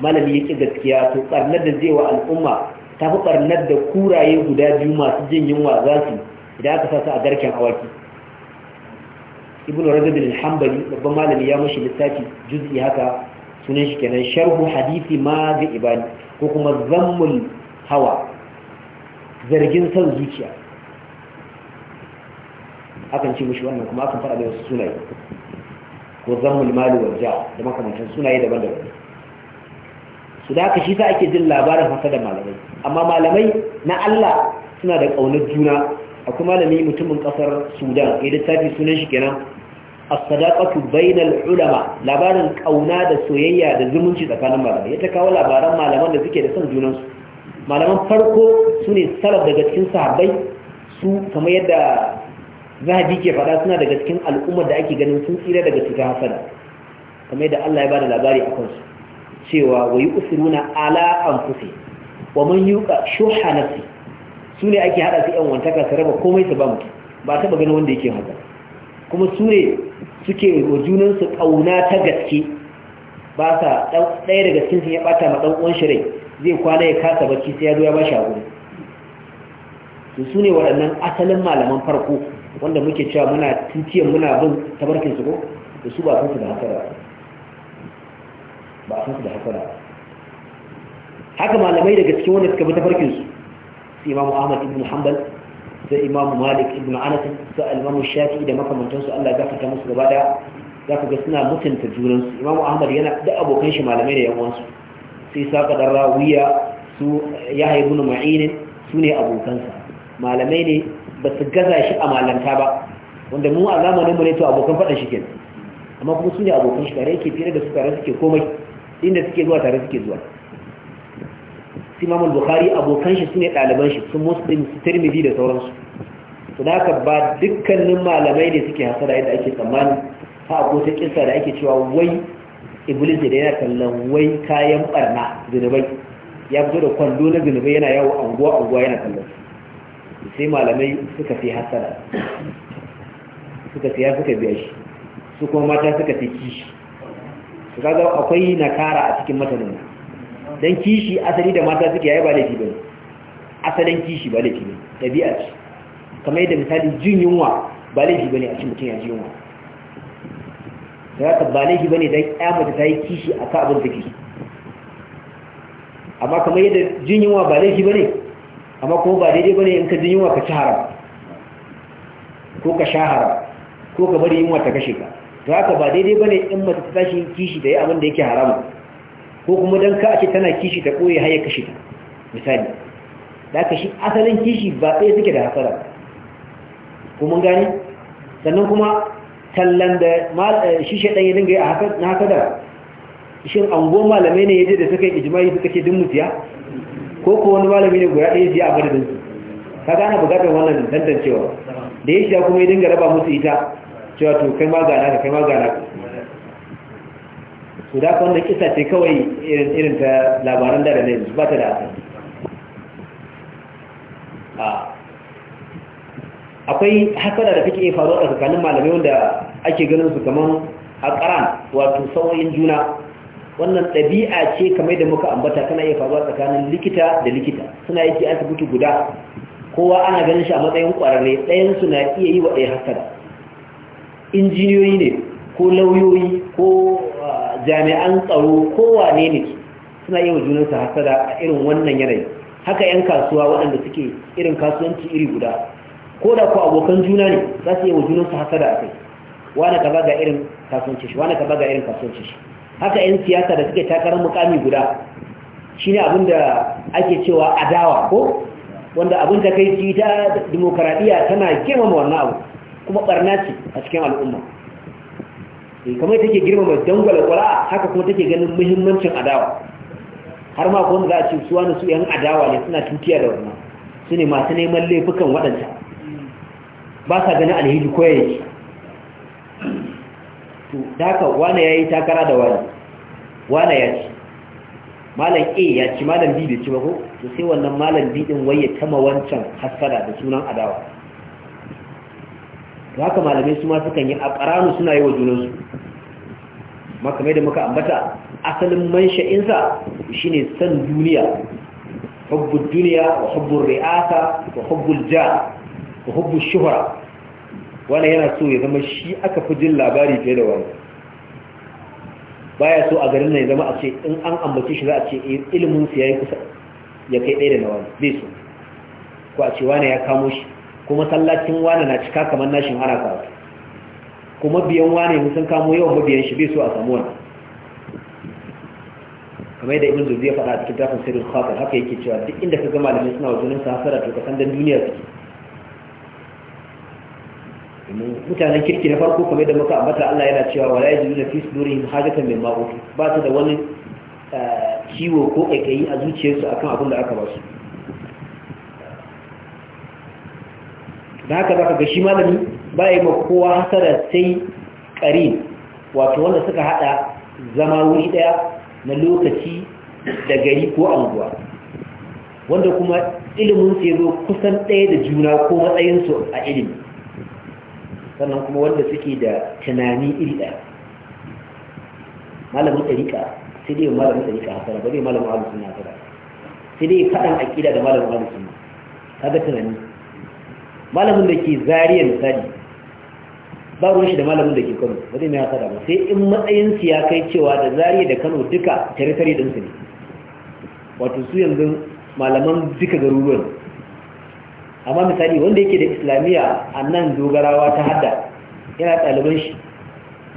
malami yake gaskiya to karnar da zai wa al'umma ta fi karnar da kuraye guda biyu masu jin yunwa za su idan aka sa a garken awaki ibn rajab al-hanbali babban malami ya mashi littafi juz'i haka sunan shi kenan sharhu hadisi ma zai ibani ko kuma zammul hawa zargin son zuciya akan ce mishi wannan kuma akan fara da wasu sunaye ko zammul mali wal ja da makamantan sunaye daban-daban su da aka shi ta ake jin labarin hasada malamai amma malamai na Allah suna da ƙaunar juna akwai malami mutumin ƙasar Sudan ya tafi sunan shi kenan as-sadaqatu bainal ulama labarin ƙauna da soyayya da zumunci tsakanin malamai ya ta kawo labaran malaman da suke da son junansu malaman farko su ne salaf daga cikin sahabbai su kama yadda zahabi ke faɗa suna daga cikin al'ummar da ake ganin sun tsira daga cikin hasada Kama yadda Allah ya bada labari a kansu cewa wa yusiruna ala anfusi wa man yuqa shuha nafsi su ne ake hada su yan wantaka su raba komai su ba mutum ba taɓa ganin wanda yake haka kuma su ne suke wa junansu kauna ta gaske ba sa ɗaya daga cikin sun ya ɓata ma ɗan uwan shi rai zai kwana ya kasa bacci sai ya zo ya bashi hakuri to su ne waɗannan asalin malaman farko wanda muke cewa muna tutiyan muna bin tabarkin su ko da su ba su da hasara ba su da hasara haka malamai daga cikin wanda suka bi tafarkin su su imamu ahmad ibn Muhammad, su imamu malik ibn anas su al Shafi da makamantansu Allah za ka gafarta musu gaba daya za ka ga suna mutunta junansu imamu ahmad yana da abokan shi malamai da yan uwansu Sai saka dan rawiya su ya haibu na ma'inin su ne abokansa malamai ne ba su gaza shi a malanta ba wanda mu a zamanin mu ne to abokan faɗan shi kenan amma kuma su ne abokan shi tare yake fiye da su tare suke komai inda suke zuwa tare suke zuwa imam al-bukhari abokan shi sune ɗaliban shi sun muslim su tirmidhi da sauransu to da haka ba dukkanin malamai ne suke hasara yadda ake tsammani ta akwai ta kissa da ake cewa wai iblis da yana kallon wai kayan barna zunubai ya fito da kwando na zunubai yana yawo anguwa anguwa yana kallon sai malamai suka fi hasara suka siya suka biya shi su kuma mata suka fi kishi su kaga akwai nakara a cikin matanin dan kishi asali da mata suke yayi ba laifi bane asalin kishi ba laifi ne dabi'a ce kamar yadda misali jin yunwa ba laifi bane a cikin mutum ya ji yunwa ya ka bane shi bane dan kyamata ta yi kishi a ka abin take amma kamar yadda jin yunwa ba laifi bane amma kuma ba daidai bane in ka jin yunwa ka ci haram ko ka sha haram ko ka bari yunwa ta kashe ka to haka ba daidai bane in mace ta tashi kishi da ya abin da yake haramun ko kuma dan ka ake tana kishi ta koye har ya kashe ta misali da ka shi asalin kishi ba tsaye suke da hasara ko mun gane sannan kuma tallan da eh, shi shaɗan yi dinga yi na haka da shin an goma malamai ne ya je da suka yi ijimai suka ce din mutiya ko ko wani malami ne guda ɗaya ziya a madadin su ka gana bukatar wannan tantancewa da ya shiga kuma ya dinga raba musu ita cewa to kai ma ka kai ma ka su da wanda kisa ce kawai irin ta labaran da da ne ba ta da asali ah. akwai hasada da take faruwa a tsakanin malamai wanda ake ganin su kaman aqran wato sauyin juna wannan ɗabi'a ce kamar da muka ambata tana iya faruwa tsakanin likita da likita suna yake asibiti guda kowa ana ganin shi a matsayin ƙwararre ɗayan su na iya yi wa ɗaya hasada injiniyoyi ne ko lauyoyi ko ah, jami'an tsaro kowa ne ne suna iya wa junansu hasada a irin wannan yanayi haka 'yan kasuwa waɗanda suke irin kasuwanci iri guda ko da ku abokan juna ne za su yi wa junansu hasada da akai wani kaza ga irin kasuwanci shi wani kaza ga irin kasuwanci shi haka yan siyasa da suke takarar mukami guda shine abin da ake cewa adawa ko wanda abin da kai ci ta demokaradiyya tana ma wannan abu kuma barna ce a cikin al'umma eh, kamar take mai dangwala kwara haka kuma take ganin muhimmancin adawa har ma kuma za a ce su wani su yan adawa ne suna tutiya da wannan su ne masu neman laifukan waɗanda ba sa ganin alhiji ko ya yi to da haka wane ya yi takara da wani wane ya ci malam a ya ci malam b bai ci ba ko to sai wannan malam b din waye kama wancan hasara da sunan adawa to haka malamai su ma sukan yi a suna yi wa junansu makamai da muka ambata asalin mansha'insa shine san duniya hubbu duniya wa hubbul ri'asa wa hubbul ja hubbu shuhra wani yana so ya zama shi aka fi jin labari fiye da wani baya so a garin nan ya zama a ce in an ambaci shi za a ce eh, ilimin su yayi kusa ya kai ɗaya da na wani bai so ko a ce wani ya kamo shi kuma sallacin wani na cika kamar nashin ana kawo kuma biyan wani yanzu sun kamo yawan mabiyan shi bai so a samu wani kamar da ibn zubi ya faɗa a cikin tafin sirrin khatar haka yake cewa duk inda ka ga malamai suna wajen sa hasara to ka san dan duniya suke mutanen kirki na farko kamar da muka ambata Allah yana cewa wala yajiduna fi sudurihim hajatan mai utu ba su da wani ciwo eh, ko kaikayi a zuciyarsu akan abin da aka ba su da haka zaka ga shi malami ba yi ma kowa hasara sai ƙari wato wanda suka haɗa zama wuri ɗaya na lokaci da gari ko anguwa wanda kuma ilimin su ya zo kusan ɗaya da juna ko matsayinsu a ilimi sannan kuma wanda suke da tunani iri ɗaya malamin ɗariƙa sai dai malamin ɗariƙa hasara ba zai malamin abu suna hasara sai dai faɗan aƙida da malamin abu suna kaga tunani malamin da ke zariya misali ba ruwan shi da malamin da ke kano ba zai mai hasara ba sai in matsayin su ya kai cewa da zariya da kano duka tare-tare ɗinsu ne wato su yanzu malaman duka garuruwan amma misali wanda yake da islamiyya a nan dogarawa ta hada yana ɗaliban shi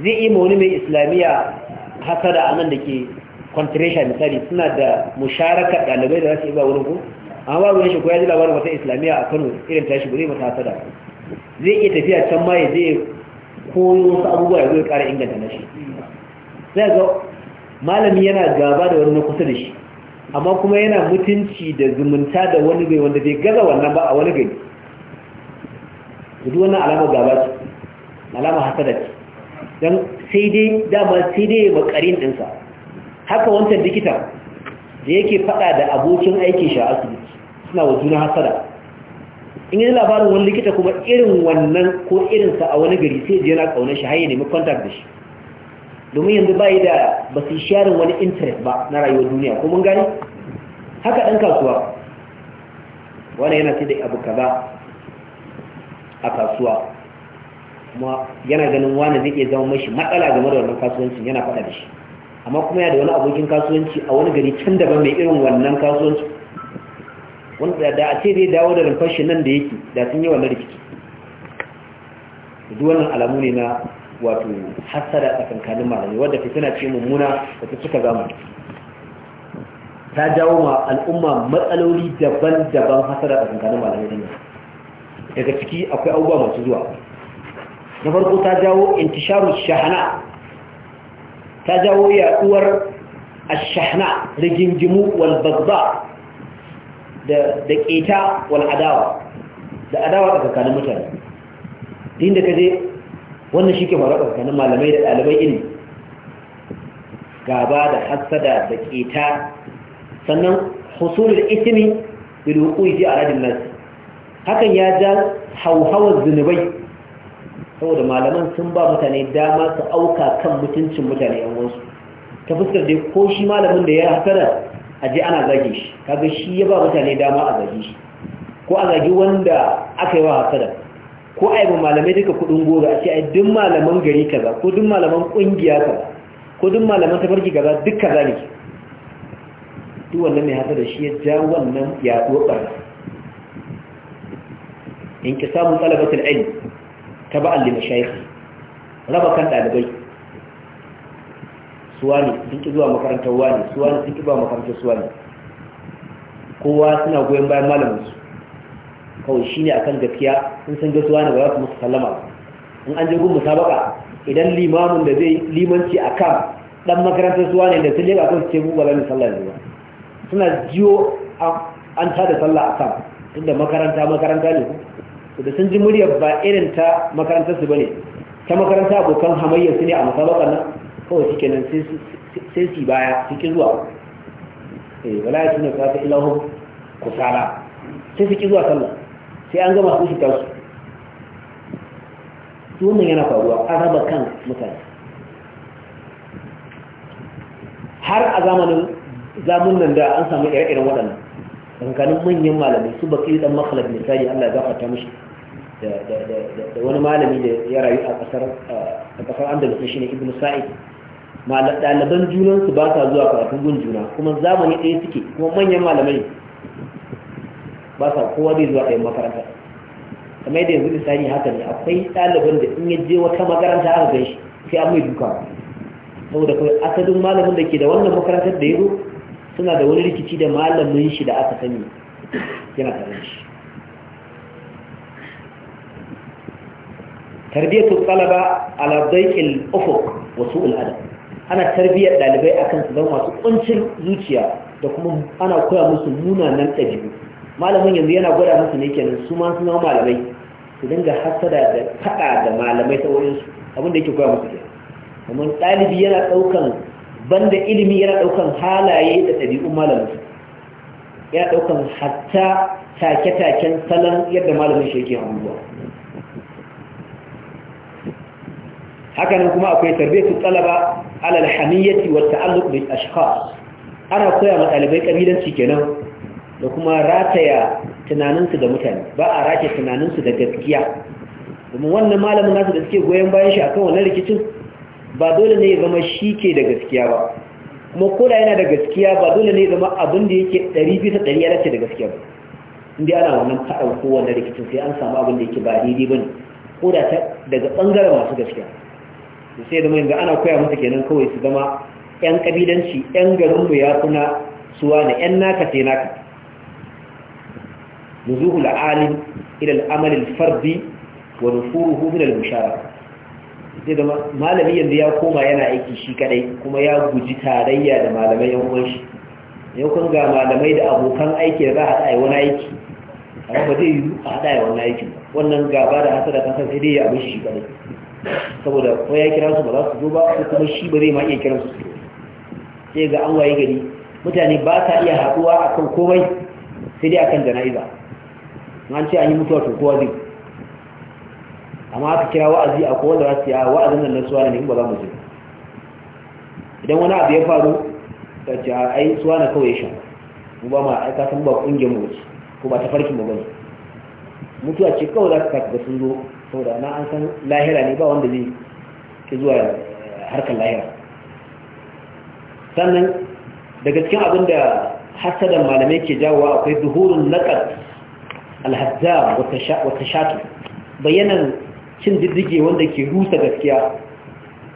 zai yi ma wani mai islamiyya hasada a nan da ke kwantiresha misali suna da musharakar ɗalibai da za su yi ba wurin ku amma ba ruwan ko ya ji labarin wata islamiyya a kano irin tashi ba zai mata hasada zai iya tafiya can ma ya zai koyo wasu abubuwa ya zo ya ƙara inganta na shi sai ga malami yana gaba da wani na kusa da shi amma kuma yana mutunci da zumunta da wani bai wanda bai gaza wannan ba a wani gari duk wannan alama gaba ce alama hasada ce don sai dai dama sai dai ya makarin ɗinsa haka wancan likita da yake faɗa da abokin aikin shi a asibiti suna wa juna hasada in yi labarin wani likita kuma irin wannan ko irinsa a wani gari sai yana ƙaunar shi har ya nemi kwantar da shi domin yanzu ba da ba su sharin wani intanet ba na rayuwar duniya ko mun gani haka ɗan kasuwa wani yana ce da abu kaza a kasuwa kuma yana ganin wani zai iya zama mashi matsala game da wannan kasuwancin yana faɗa da shi amma kuma yana da wani abokin kasuwanci a wani gari can daban mai irin wannan kasuwanci wanda da a ce zai dawo da rumfar nan da yake da sun yi wannan rikici duk wannan alamu ne na wato hasara tsakankanin malamai wadda fitina ce mummuna da ta cika zamani ta jawo ma al'umma matsaloli daban-daban hasara a tsakanin malamai daga ciki akwai abubuwa masu zuwa na farko ta jawo intisharu shahana ta jawo yaduwar ashahna rigingimu wal bagba da keta wal adawa da adawa a tsakanin mutane din da kaje wannan shike faruwa tsakanin malamai da ɗalibai ilimi gaba da hasada da keta sannan husulul ismi bil wuqu'i fi aradin nas hakan ya ja hauhawar zunubai saboda malaman sun ba mutane dama su auka kan mutuncin mutane yan wasu ta fuskar dai ko shi malamin da ya hasara a je ana zage shi kaga shi ya ba mutane dama a zage shi ko a zage wanda aka yi wa hasara ko a yi malamai duka kudin goro a ce a duk malaman gari kaza ko duk malaman kungiya kaza ko duk malaman tafarki kaza duk kaza ne shi wannan mai da shi ya ja wannan yaɗuwar ɓarna in ki samun talabatul ilm ta ba'al lima shaikhi raba kan ɗalibai suwani sun ki zuwa makarantar wani suwani sun ki zuwa makarantar suwani kowa suna goyon bayan malaminsu kawai shi ne a kan gaskiya sun san gasuwa ne ba za su musu sallama in an je gun musabaka idan limamin da zai limanci a kan ɗan makarantar suwa ne da sun leka kan su ce mu ba za mu sallar ba suna jiyo an tada sallah a kan inda makaranta makaranta ne su da sun ji muryar ba irin ta makarantar su bane ta makaranta abokan hamayyar su ne a masabakan nan kawai suke nan sai su baya suke zuwa eh wala ya suna kasa ilahun kusala sai suke zuwa sallah sai an gama su shiga su wannan yana faruwa an raba kan mutane har a zamanin zamun nan da an samu ire-iren waɗannan tsakanin manyan malamai su baki dan makhlad misali Allah ya gafarta mishi da wani malami da ya rayu a ƙasar a kasar Andalus ne Ibn Sa'id malaman junan su ba sa zuwa karatun gun juna kuma zamani ɗaya suke kuma manyan malamai ba sa kowa bai zuwa ɗayan makaranta kamar yadda yanzu misali haka ne akwai ɗaliban da in ya je wata makaranta aka gan shi sai an mai duka saboda kawai asalin malamin da ke da wannan makarantar da ya zo suna da wani rikici da malamin shi da aka sani yana tare shi tarbiyyatu talaba ala daiqil ufuq wa su'ul adab ana tarbiyyar dalibai akan su zama masu kuncin zuciya da kuma ana koya musu munanan ɗabi'u malamin yanzu yana gwada musu ne kenan su ma suna malamai su dinga hasada da faɗa da malamai ta wurin su abinda yake koya musu kenan kuma ɗalibi yana ɗaukan banda ilimi yana daukan halaye da ɗabi'un malamin yana daukan hatta take-taken salon yadda malamin shi yake abubuwa hakanan kuma akwai tarbiyatu talaba ala alhamiyyati wa ta'alluq bil ashkhas ana koya ma dalibai kabilanci kenan da kuma rataya tunaninsu da mutane ba a tunaninsu da gaskiya domin wannan malamin nasu da suke goyon bayan shi akan wannan rikicin ba dole ne ya zama shi ke da gaskiya ba kuma da yana da gaskiya ba dole ne ya zama abin da yake ɗari bisa ɗari ya dace da gaskiya ba inda ana wannan faɗan kowane rikicin sai an samu abin da yake ba daidai ba ne ko da daga ɓangare masu gaskiya da sai da mai ana koya musu kenan kawai su zama 'yan ƙabilanci 'yan garinmu ya kuna suwa na 'yan naka sai naka nuzuhu al'alim ila al'amal al-fardi wa nufuruhu min al-musharaka sai zama malami yanzu ya koma yana aiki shi kadai kuma ya guji tarayya da malamai yan uwan shi yau kun ga malamai da abokan aiki da za a haɗa wani aiki amma ba zai yi a haɗa wani aiki wannan gaba da hasada ta san sai dai ya abin shi kadai saboda ko ya kira su ba za su zo ba ko kuma shi ba zai ma iya kiran su sai ga an waye gari mutane ba ta iya haɗuwa akan komai sai dai akan jana'iza an ce an yi mutuwa to kowa zai amma aka kira wa'azi a kowa da za su yi a wa'azin nan na suwa ne ba za mu je idan wani abu ya faru ta ce a ai suwa na kawai shan mu ba ma aika san ba kungiyar mu ko ba ta farkin mu bane mutuwa ce kawai za ka kaka ga sun zo saboda na an san lahira ne ba wanda zai ke zuwa eh, harkar lahira sannan daga cikin abin da hasadan malamai ke jawowa akwai duhurun naƙar al wata shatu bayanan cin diddige wanda ke rusa gaskiya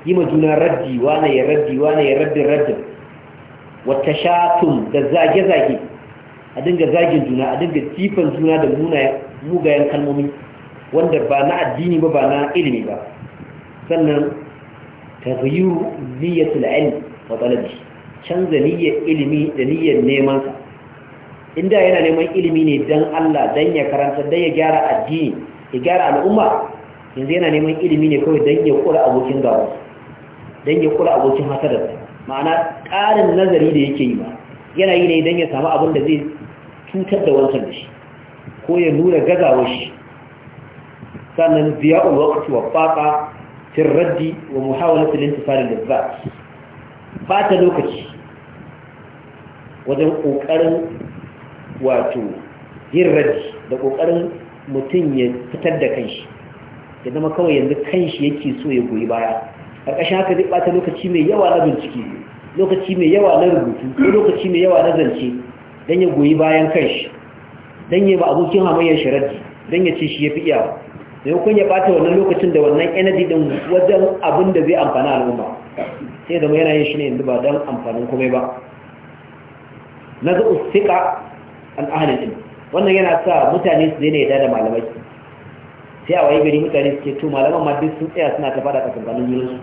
yi ma juna raddi wane ya raddi wane ya raddin raddin wata shatun da zage-zage a dinga zagin juna a dinga jifan juna da mugayen kalmomi wanda ba na addini ba ba na ilimi ba sannan tafiyu niyyatul ilmi wa talabi canza niyyar ilimi da niyyar nemansa. sa inda yana neman ilimi ne don Allah don ya karanta don ya gyara addini ya gyara al'umma yanzu yana neman ilimi ne kawai don ya kura abokin gaba don ya kura abokin hasarar ma'ana ƙarin nazari da yake yi ba yana yi ne don ya samu abin da zai cutar da wancan da shi ko ya nuna gazawar shi sannan biya ulwakci wa faƙa tirraddi wa muhawar filin tufarin da za ba ta lokaci wajen ƙoƙarin wato yin raddi da ƙoƙarin mutum ya fitar da shi. ya zama kawai yanzu kan shi yake so ya goyi baya ƙarƙashin haka zai ɓata lokaci mai yawa na bincike lokaci mai yawa na rubutu ko lokaci mai yawa na zance don ya goyi bayan kan shi. don ya ba abokin hamayyar sharadi don ya ce shi ya fi iya da yankun ya ɓata wannan lokacin da wannan energy ɗin wajen abin da zai amfani al'umma sai zama yana yin shi ne yanzu ba don amfanin komai ba na zuɓu siƙa an wannan yana sa mutane su daina yada da malamai sai a waye gari mutane suke to malaman ma duk sun tsaya suna ta fada kasan kanin junansu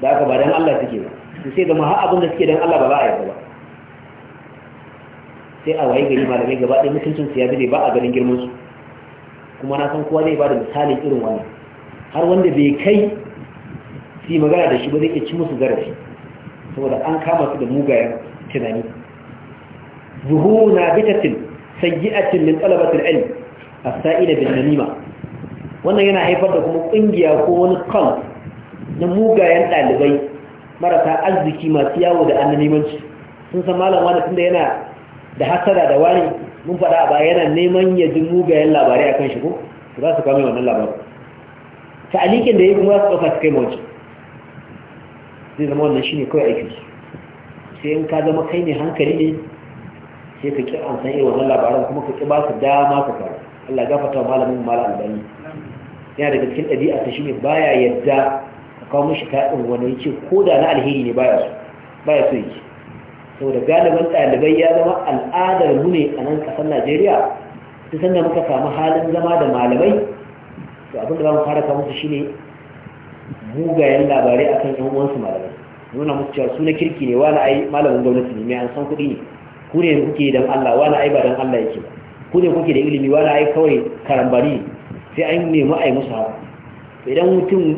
da aka ba dan Allah suke ba su sai zama har abin da suke dan Allah ba za a yarda ba sai a waye gari malamai gaba ɗaya mutuncin su ya zube ba a ganin girman su kuma na san kowa zai ba da misalin irin wannan har wanda bai kai su magana da shi ba zai iya ci musu zarafi saboda an kama su da mugayen tunani Zuhu na bitatin sayyi'atin min talabatil ilm asa'ila saila bin namima wannan yana haifar da kuma ƙungiya ko wani kan na mugayen ɗalibai marasa arziki masu yawo da annanimanci sun san malam wani tunda yana da hasara da wani mun faɗa a baya yana neman ya ji mugayen labarai a kan shi ko za su kwame wannan labarin alikin da ya kuma su ɗauka su kai mawace zai zama wannan shi ne kawai aiki. sai in ka zama kai ne hankali ne sai ka ƙi an san irin wannan labaran kuma ka ƙi ba su dama ka faru Allah gafata malamin malam albani yana daga cikin ɗabi'a ta shi ne baya yadda ka kawo mashi taɗin wani yake ko da na alheri ne baya so baya so yake saboda galibin ɗalibai ya zama al'adar mu ne a nan ƙasar najeriya ta sanda muka samu halin zama da malamai to abin da za mu fara kawo musu shine mugayen labarai akan ƴan uwansu malamai nuna musu cewa suna kirki ne wani ai malamin gwamnati ne mai an san kuɗi ne ku ne kuke dan Allah wani ai ba dan Allah yake ba ku ne kuke da ilimi wani ai kawai ne sai an nemi a yi musu haka idan mutum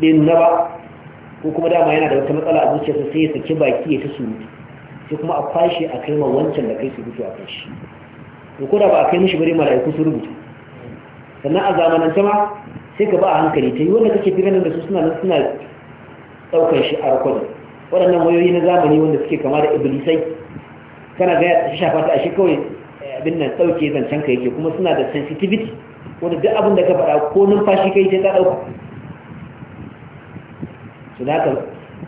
ɗin na ba ko kuma dama yana da wata matsala a zuciyarsa sai ya saki baki ya ta surutu sai kuma a kwashe a kai wancan da kai surutu a kai shi ko da ba a kai mishi a mala'iku su rubuta sannan a zamanance ma sai ka ba a hankali ta yi wanda kake firanin da su suna nan suna ɗaukar shi a rakwada waɗannan wayoyi na zamani wanda suke kama da iblisai kana ga shafa ta ashe kawai eh, abin nan ɗauke zancen ka yake kuma suna da sensitivity wanda duk abin da ka faɗa ko numfashi kai sai ka ɗauka su da haka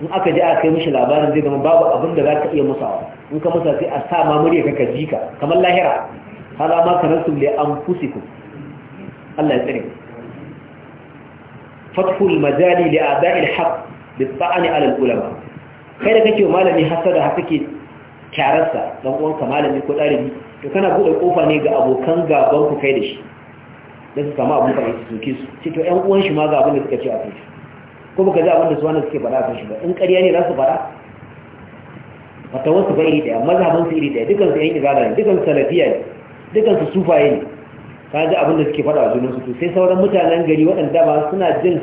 in aka ji aka kai mishi labarin zai zama babu abin da za ka iya musawa in ka musa sai a sa ma murya ka ji ka kamar lahira hala ma ka rasu le an fusi ku Allah ya tsare Fatful majali li a'da'il haqq bi ta'ani ala al ulama kai da kake malami hasada haka ke kyararsa dan uwanka malami ko ɗalibi, to kana buɗe kofa ne ga abokan gaban ku kai da shi da su samu abubakar ya suke su ce to 'yan uwan shi ma ga abin da suka ce a kai ko baka ji abin da su wanda suke fara kan shi ba in ƙarya ne za su fara? wata wasu ba iri ɗaya mazhaban su iri ɗaya dukansu yan izala ne dukansu salafiya ne dukansu sufaye ne ka ji abin da suke fara a junan su sai sauran mutanen gari waɗanda ba suna jin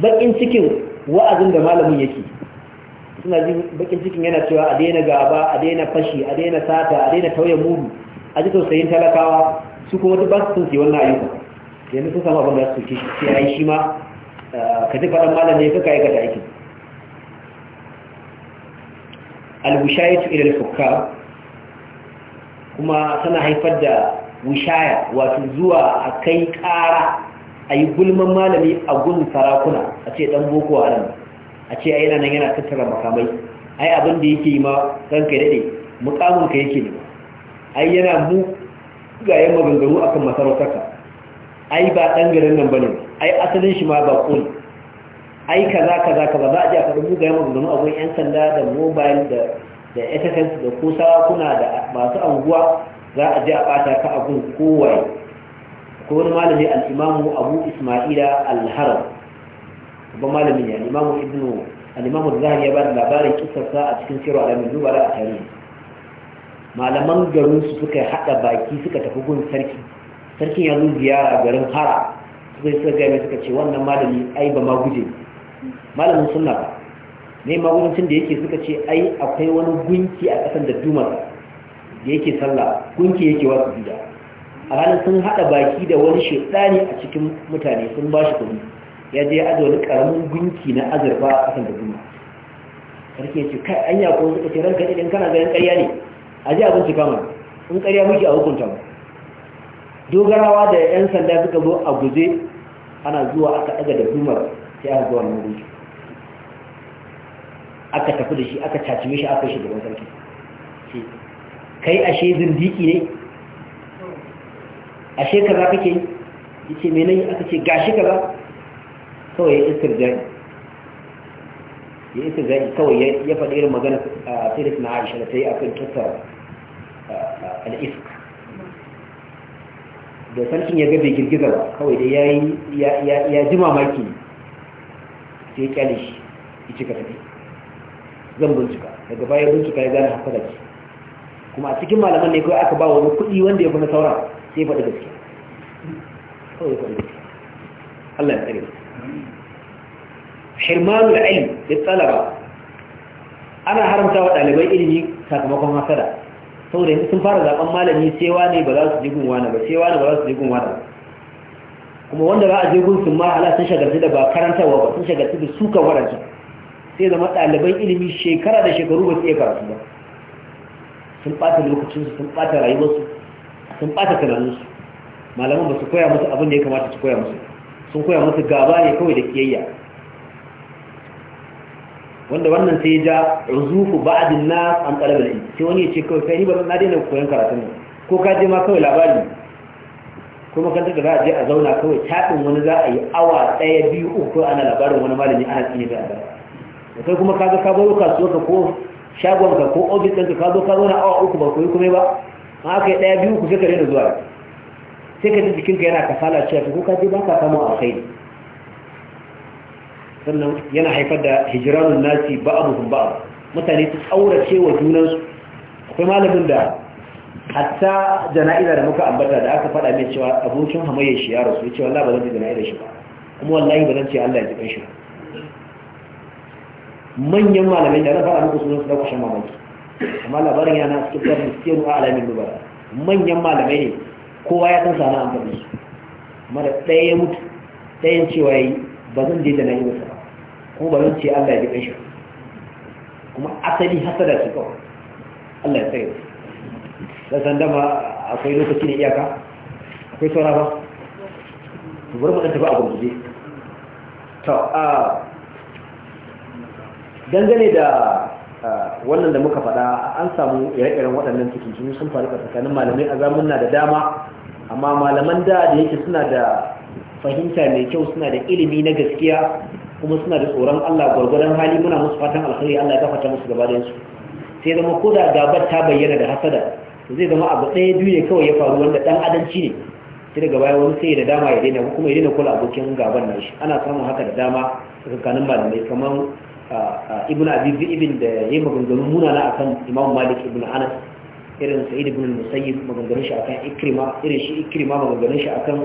bakin cikin wa'azin da malamin yake suna jin bakin cikin yana cewa a daina gaba a daina fashi a daina sata a daina tauye mudu a ji tausayin talakawa su kuma duk ba su sun wannan ayyuka yanzu sun samu abin da su ce sai ai shi ma eh, ka ji faɗin malam ne ka aikata aikin al-wushayatu ila kuma tana haifar da wushaya wato zuwa a kai ƙara a yi gulman malami a gun sarakuna a ce ɗan boko nan a ce a yana nan yana tattara makamai ai abin da yake yi ma ka daɗe ka yake ne ai yana mu yin maganganu akan masarautarka ai ba ɗan garin nan ba ne ai asalin shi ma ba kun ai kaza kaza kaza za a ji a faɗin mugayen maganganu abun 'yan sanda da mobile da da sms da kusa kuna da masu anguwa za a ji a ɓata ka abin kowaye ko wani malami al'imamu abu ismaila al-haram babban malami ne limamu ibnu al-imamu zahari ya ba da labarin kisarsa a cikin sirri alamin dubara a tarihi malaman garin su suka haɗa baki suka tafi gun sarki sarkin ya zo ziyara garin fara suka yi suka gaya suka ce wannan malami ai ba ma guje malamin sunna ba ne magudancin da yake suka ce ai akwai wani gunki a ƙasan da dumar da yake sallah gunki yake wasu gida. a halin sun haɗa baki da wani shaɗani a cikin mutane sun ba shi kuɗi ya je aji wani ƙaramin gunki na azurfa a ƙasan da dumar sarki ce kai anya ko suka ce ranka ɗin kana ganin ƙarya ne a ji a cika mana in ƙarya muke a hukunta mu dogarawa da 'yan sanda suka zo a guje ana zuwa aka daga da dumar sai aka zuwa nan guje aka tafi da shi aka caciwe shi aka shi gaban sarki hmm. kai ashe zindiki ne ashe kaza kake yi yace me nan aka ce gashi kaza kawai ya istirjani ya istirjani kawai ya faɗi irin magana a ah, sirrin na Aisha da ta yi akan tattara ah, ah, al-ifk da sarkin ya ga girgizar kawai da ya ji mamaki sai ya kyale shi ya cika tafi zan bincika daga baya bincika ya gane haka ce kuma a cikin malaman ne kawai aka ba wani kuɗi wanda ya kuma saura sai faɗi gaske. kawai ya faɗi gaske. Allah ya tsare hirmanul ilm da talaba ana haramta wa ɗalibai ilimi sakamakon hasada saboda yanzu sun fara zaben malami cewa ne ba za su je gunwa ba cewa ne ba za su je gunwa kuma wanda za a je gun sun ma ala sun shagarci da ba karantarwa ba sun shagarci da suka waransu sai zama ɗaliban ilimi shekara da shekaru ba su iya karatu ba sun ɓata lokacinsu sun ɓata rayuwarsu sun ɓata tunaninsu malaman ba su koya musu abin da ya kamata su koya musu sun koya musu gaba ne kawai da kiyayya wanda wannan sai ya ja ruzufu ba'din nas an talaba ne sai wani ya ce kawai kai ni ba na daina koyon karatun ne ko ka je ma kawai labari kuma kan da za a je a zauna kawai taɗin wani za a yi awa daya biyu uku ana labarin wani malami ana tsini da albarka da kai kuma kaga ka baro kasuwa ka ko shagon ka ko ofis ɗinka ka zo ka na awa uku ba koyi kuma ba an aka yi ɗaya biyu uku sai ka rena zuwa sai ka ji jikinka yana kasala cewa ko ka je ba ka samu a kai. sannan yana haifar da hijiranun nasi ba'abuhum ba'ab mutane su tsaurace wa junansu akwai malamin da hatta jana'iza da muka ambata da aka faɗa mai cewa abokin hamayya shi ya rasu ya ce wallahi ba zan ji jana'izar shi ba kuma wallahi ba zan ce Allah ya ji kan shi ba manyan malamai da na faɗa muku sunan su dauka mamaki amma labarin yana cikin tsarin siyan a alamin dubara manyan malamai ne kowa ya san sana'a amfani su mara ɗaya ya mutu ɗayan cewa yi ba zan je jana'izar sa kuma ba zan ce Allah ya ji kanshi kuma asali hasada su kawai Allah ya tsaye da Sanda ma akwai lokaci na iyaka akwai saura ba to bari mu ba a gurguje ta a dangane da wannan da muka faɗa an samu ire-iren waɗannan cikin sun faru a tsakanin malamai a na da dama amma malaman da da yake suna da fahimta mai kyau suna da ilimi na gaskiya kuma suna da tsoron Allah gwargwaron hali muna musu fatan alkhairi Allah ya tafata musu gaba da su sai zama ko da gabar ta bayyana da hasada zai zama abu ɗaya biyu ne kawai ya faru wanda ɗan adalci ne sai daga baya wani sai da dama ya daina kuma ya daina kula abokin gaban nan shi ana samun haka da dama tsakanin malamai kamar ibn abi ibn da yayi maganganun munana akan imam malik ibn anas irin sa'id ibn musayyib maganganun shi akan ikrima irin shi ikrima maganganun shi akan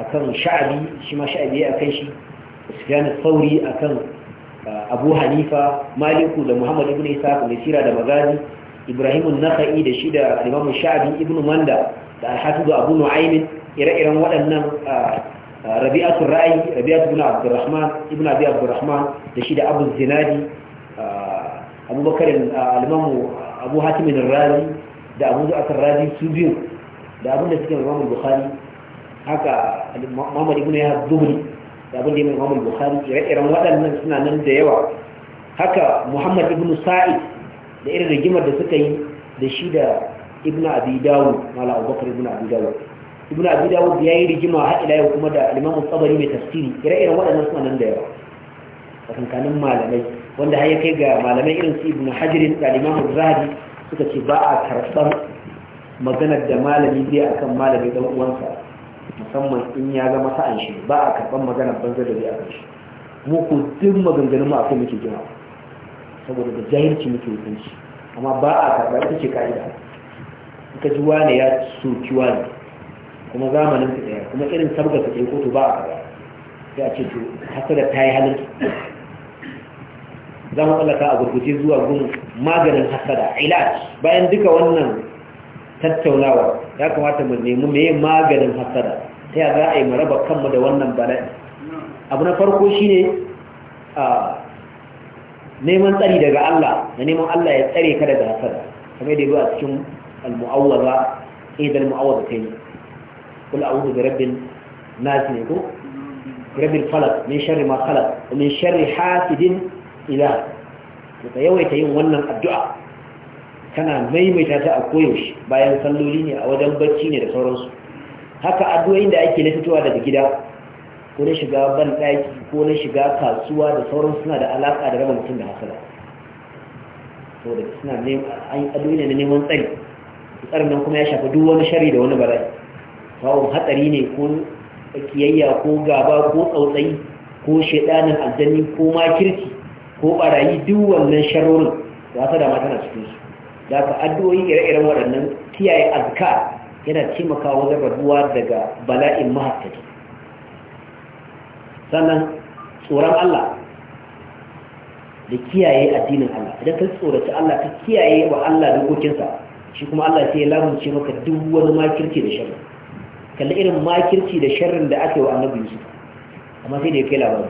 akan sha'abi shi ma sha'abi akan shi sufyan sauri akan uh, abu hanifa maliku da muhammad ibn isa da sira da magazi ibrahim an da shi da imam Sha'abi, ibn manda da al-hafiz abu nu'aym ire-iren waɗannan uh, uh, rabi'atul Ra'ayi, rabi'at ibn abdurrahman ibn abi abdurrahman da shi da abu zinadi abubakar al-imam abu hatim ar-razi da abu zu'at ar-razi su biyu da abin da suke imam bukhari haka muhammad ibn yahya dubri da abin da ya mai bukhari ire-iren waɗannan suna nan da yawa haka muhammad ibn sa'id da irin rigimar da suka yi da shi da ibn abi dawud mala abubakar ibn abi ibn abi dawud ya yi rigima har ila yau kuma da alimamu tsabari mai tafsiri ire-iren waɗannan suna nan da yawa tsakankanin malamai wanda har ya kai ga malamai irin su ibn hajirin da alimamu zahabi suka ce ba a karɓar maganar da malami zai akan malami dan uwansa musamman in ya zama sa'an shi ba a karɓar magana banza da zai a shi mu ku duk maganganun mu akai muke gina saboda da jahilci muke hukunci amma ba a karɓa ita ce ka'ida Ita ka ji wane ya soki wane kuma zamanin ta ɗaya kuma irin sabga ta ɗaya kotu ba a karɓa sai a ce to hasada ta yi halin za mu tsallaka a gurguje zuwa gun maganin hasada ilaj bayan duka wannan tattaunawa ya kamata mu nemi meye maganin hasara ta ya za a yi maraba kanmu da wannan bala'i abu na farko shine a neman tsari daga Allah da neman Allah ya tsare ka daga hasara kamar da a cikin al-mu'awwaza eh da al-mu'awwaza kai kul a'udhu bi rabbin nasi ne ko rabbil falaq min sharri ma khalaq min sharri hasidin ila ka yawaita yin wannan addu'a kana maimaita ta a koyaushe bayan salloli ne a wajen bacci ne da sauransu haka addu'o'in da ake na daga gida ko na shiga ban ɗaki ko na shiga kasuwa da sauran suna da alaƙa da raba mutum da hasala saboda suna an addu'o'i ne na neman tsari tsarin nan kuma ya shafi duk wani shari da wani bala'i kawon hatsari ne ko kiyayya ko gaba ko tsautsayi ko shaidanin aljanni ko makirci ko barayi duk wannan sharorin da hasada ma tana cikin su da ka addu'o'i ire-iren waɗannan kiyaye azka yana taimakawa wajen rabuwa daga bala'in mahaskaki sannan tsoron Allah da kiyaye addinin Allah idan ka tsoraci Allah ka kiyaye wa Allah dokokinsa shi kuma Allah sai ya lamunce maka duk wani makirci da sharri kalli irin makirci da sharrin da aka yi wa annabi Yusuf amma sai da ya kai labari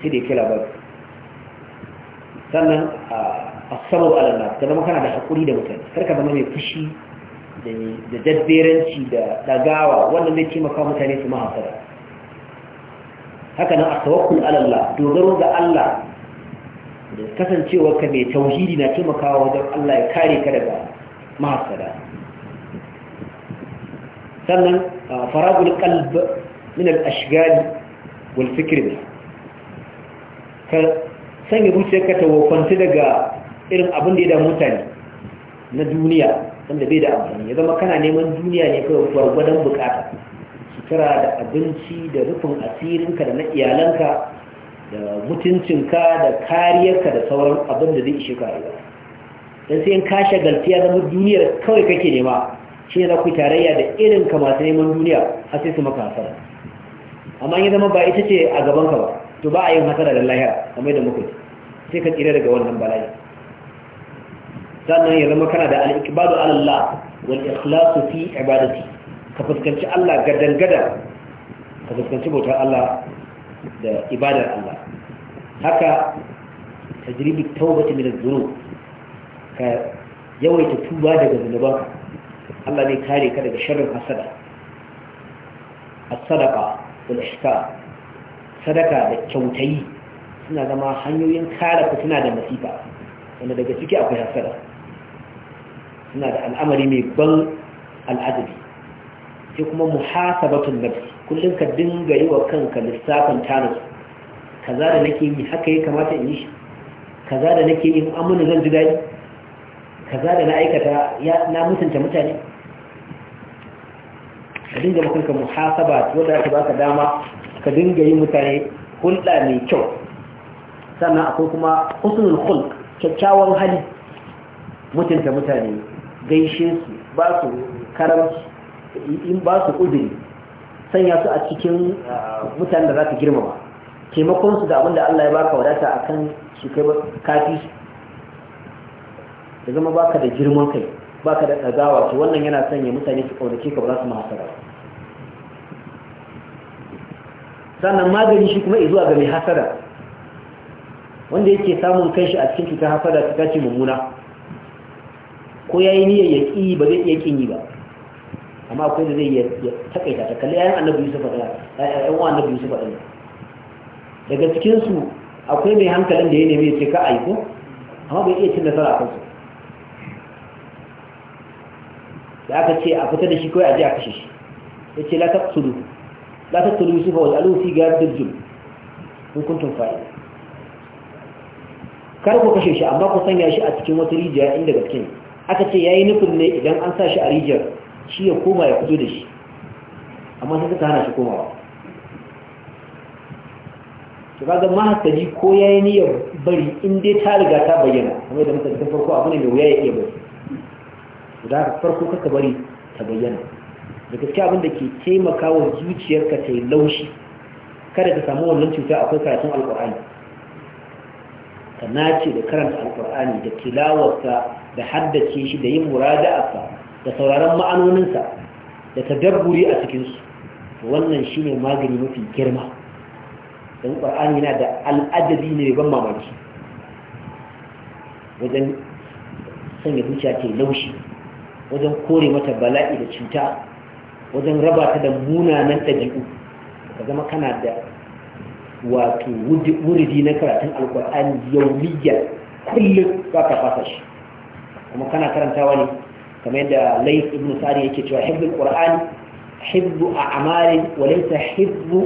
sai da ya kai labari sannan ah, asabar alallah ka zama kana da haƙuri da mutane karka zama mai fushi da jabberanci da dagawa wannan zai taimaka mutane su mahasara haka nan a tawakkul alallah dogaro ga Allah da kasancewar ka mai tauhidi na taimakawa wajen Allah ya kare ka daga mahasara sannan faragul qalb min al-ashghal wal fikr ka sanya zuciyarka ta wofanci daga irin abin da ya damu mutane na duniya wanda bai da amfani ya zama kana neman duniya ne kawai gwargwadon bukata sutura da abinci da rufin asirinka da na iyalanka da mutuncinka da kariyarka da sauran abin da zai ishe ka rayuwa don sai in ka shagalci ya zama duniyar kawai kake nema shi ne za ku tarayya da irin ka masu neman duniya har sai su maka hasara amma ya zama ba ita ce a gabanka ba to ba a yin hasara da lahira kamar da muka sai ka tsira daga wannan bala'i sannan ya zama kana da al-iqbalu ala Allah wal ikhlasu fi ibadati ka fuskanci Allah gadangada ka fuskanci bautar Allah da ibadar Allah haka tajribi tawbati min adh-dhunub ka yawaita tuba daga zunubanka Allah ne kare ka daga sharrin hasada as-sadaqa wal ihsan sadaka da kyautayi suna zama hanyoyin kare ku suna da masifa wanda daga ciki akwai hasada? suna da al'amari mai ban al'adabi sai kuma muhasabatun nafi kullum ka dinga yi wa kanka lissafin tarihi kaza da nake yi haka ya kamata in yi shi kaza da nake yi amuna zan ji ka kaza da na aikata na mutunta mutane ka dinga kanka muhasaba wadda ba baka dama ka dinga yi mutane hulɗa mai kyau sannan akwai kuma husnul khulq kyakkyawan hali mutunta mutane gaishe su ba su karamci in ba su uzuri sanya su a cikin mutane da za ka girmama taimakon su da abinda Allah ya baka wadata kan su kai kafi da zama baka da girman kai baka da tsagawa to wannan yana sanya mutane su kaunace ka ba za su mahasara sannan magani shi kuma izuwa ga mai hasara wanda yake samun kanshi a cikin cutar hasara ta ce mummuna ko ya yi niyyar ya ƙi ba zai iya ƙin yi ba amma akwai da zai ya takaita ta kalli ayan annabi yusuf faɗa ayan wa annabi yusuf daga cikin su akwai mai hankalin da ya nemi ya ce ka aiko amma bai iya cin nasara a kansu da aka ce a fita da shi kawai a je a kashe shi ya ce la taqtulu la taqtulu yusufa wal alu fi gadil jul in kuntum kar ku kashe shi amma ku sanya shi a cikin wata rijiya inda gaske ne aka ce yayi nufin ne idan an sa shi a rijiyar shi ya koma ya fito da shi amma sai suka hana shi komawa to kaga mahaskaji ko yayi niyyar bari in dai ta riga ta bayyana kuma idan muka farko abu ne mai wuya ya iya bari da farko kaka bari ta bayyana da gaske abin da ke taimaka wa zuciyarka ta yi laushi kada ka samu wannan cuta akwai karatun alkur'ani ka nace da karanta alkur'ani da tilawarsa da haddace shi da yin murada'arsa da sauraron ma'anoninsa da tadabburi a cikinsu wannan shine magani mafi girma don ƙwar'ani yana da al'adadi ne ban mamaki wajen sanya zuciya ta laushi wajen kore mata bala'i da cuta wajen raba ta da munanan ɗabi'u ka zama kana da wato muridi na karatun alkur'ani yaumiyya kullum ba ka fasa shi kuma kana karantawa ne kamar yadda lais ibn sa'id yake cewa hibdul qur'ani a a'malin wa laysa hibbu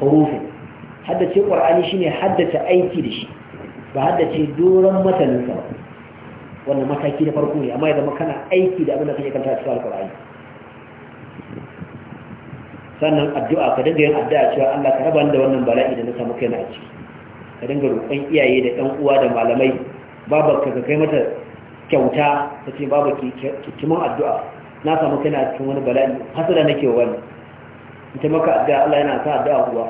hurufin haddace qur'ani shine haddace aiki da shi ba haddace doron matanin sa wannan mataki na farko ne amma ya kana aiki da abin da kake kanta cikin alkur'ani sannan addu'a ka dinga yin addu'a cewa Allah ka raba da wannan bala'i da na samu kaina a ciki ka dinga roƙon iyaye da ɗan uwa da malamai babu ka kai mata kyauta ta ce babu kikimin addu'a na samu kaina a cikin wani bala'i hasada nake wa wani ita maka addu'a Allah yana sa addu'a uwa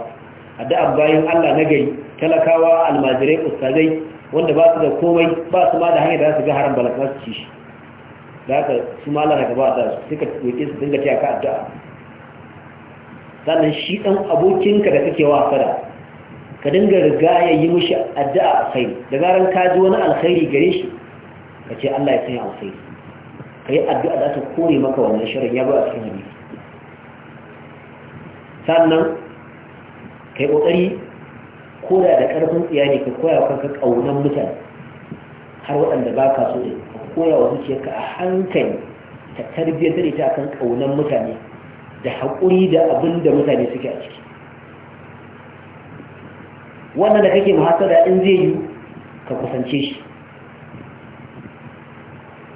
addu'a bayan Allah na gari talakawa almajirai ustazai wanda ba su da komai ba su ma da hanyar da za su ga haram balaka su ci shi da haka su ma Allah ba da su suka roƙe su dinga ce ka addu'a sannan shi ɗan abokinka da kake wa ka dinga riga ya yi mishi addu'a alkhairi da garan ka ji wani alkhairi gare shi ka ce Allah ya sanya alkhairi ka yi addu'a za ta kore maka wannan shirin ya ba a cikin hadisi sannan ka yi ƙoƙari ko da da ƙarfin tsiya ka koya wa kanka ƙaunar mutane har waɗanda ba ka so ne ka koya wa zuciyarka a hankali ta tarbiyyar da ita kan ƙaunar mutane da haƙuri da abin da mutane suke a ciki wannan da kake muhasada in zai yi ka kusance shi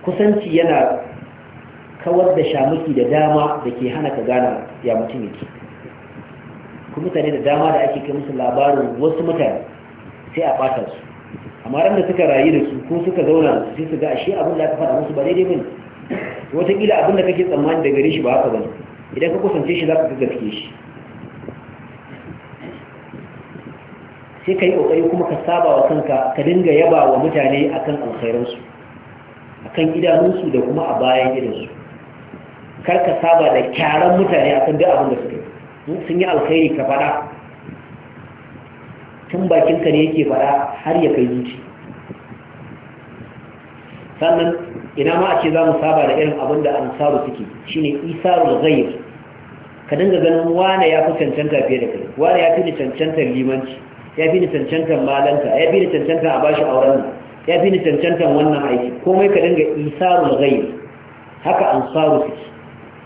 kusanci yana kawar da shamuki da dama da ke hana ka gana ya mutum yake Ku mutane da dama da ake kai musu labarin wasu mutane sai a ɓata su amma ran da suka rayu da su ko suka zauna su sai su ga ashe abin da aka faɗa musu ba daidai bane wataƙila abin da kake tsammani da gare shi ba haka bane idan ka kusance shi za ka fi gaske shi sai ka yi ƙoƙari kuma ka saba wa kanka ka dinga yaba wa mutane a kan alkhairansu a kan idanunsu da kuma a bayan idansu kar ka saba da kyaran mutane a kan duk abin da suka yi sun yi alkhairi ka faɗa tun bakinka ne yake faɗa har ya kai zuci sannan ina ma a ce za mu saba da irin abin da ansaru suke shine isarul ghaib ka dinga ganin wane ya fi cancanta fiye da kai wane ya fi ni cancantar limanci ya fi ni cancantar malanta ya fi ni cancantar a bashi auren nan ya fi ni cancantar wannan aiki komai ka dinga isarul ghaib haka ansaru suke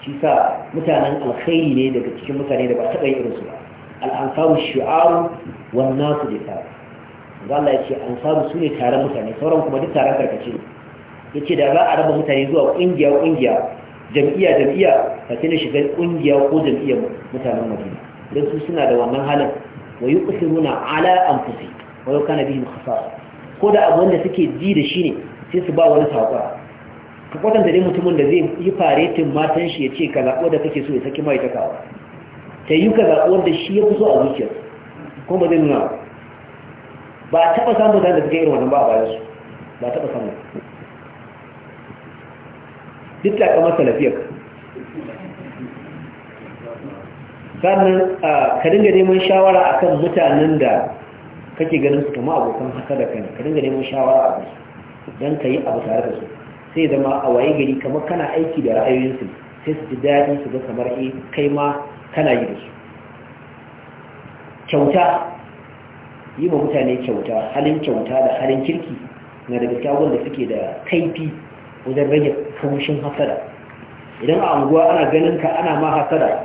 shi sa mutanen alkhairi ne daga cikin mutane da ba taɓa yin irinsu ba al'ansaru shi'aru wannan nasu da tare Allah ya ce ansaru su ne taron mutane sauran kuma duk taron karkace ne ya ce da za a raba mutane zuwa ƙungiya ƙungiya jam'iyya jam'iyya ta ce na shiga ƙungiya ko jam'iyyar mutanen madina don su suna da wannan halin wa yi kusiruna ala an fusi wa yau kana bihin khasara ko da abu wanda suke ji da shi ne sai su ba wani saƙwa ka kwatanta dai mutumin da zai yi faretin matan shi ya ce ka zaɓo da kake so ya saki mai ta kawo ta yi ka zaɓo wanda shi ya kusa a zuciyar kuma zai nuna ba a taɓa samun da suke irin wannan ba a bayan su ba a taɓa samun duk takamar salafiyar sannan a dinga neman shawara a kan mutanen da kake ganin su kama abokan haka da kan ka dinga neman shawara a kansu don ka yi abu tare da su sai zama a waye gari kamar kana aiki da ra'ayoyinsu sai su ji daɗi su ga kamar e kai ma kana yi da su kyauta yi ma mutane kyauta halin kyauta da halin kirki na da gaskiya da suke da kaifi wajen rage kamushin hasada idan a unguwa ana ganin ka ana ma hasada ka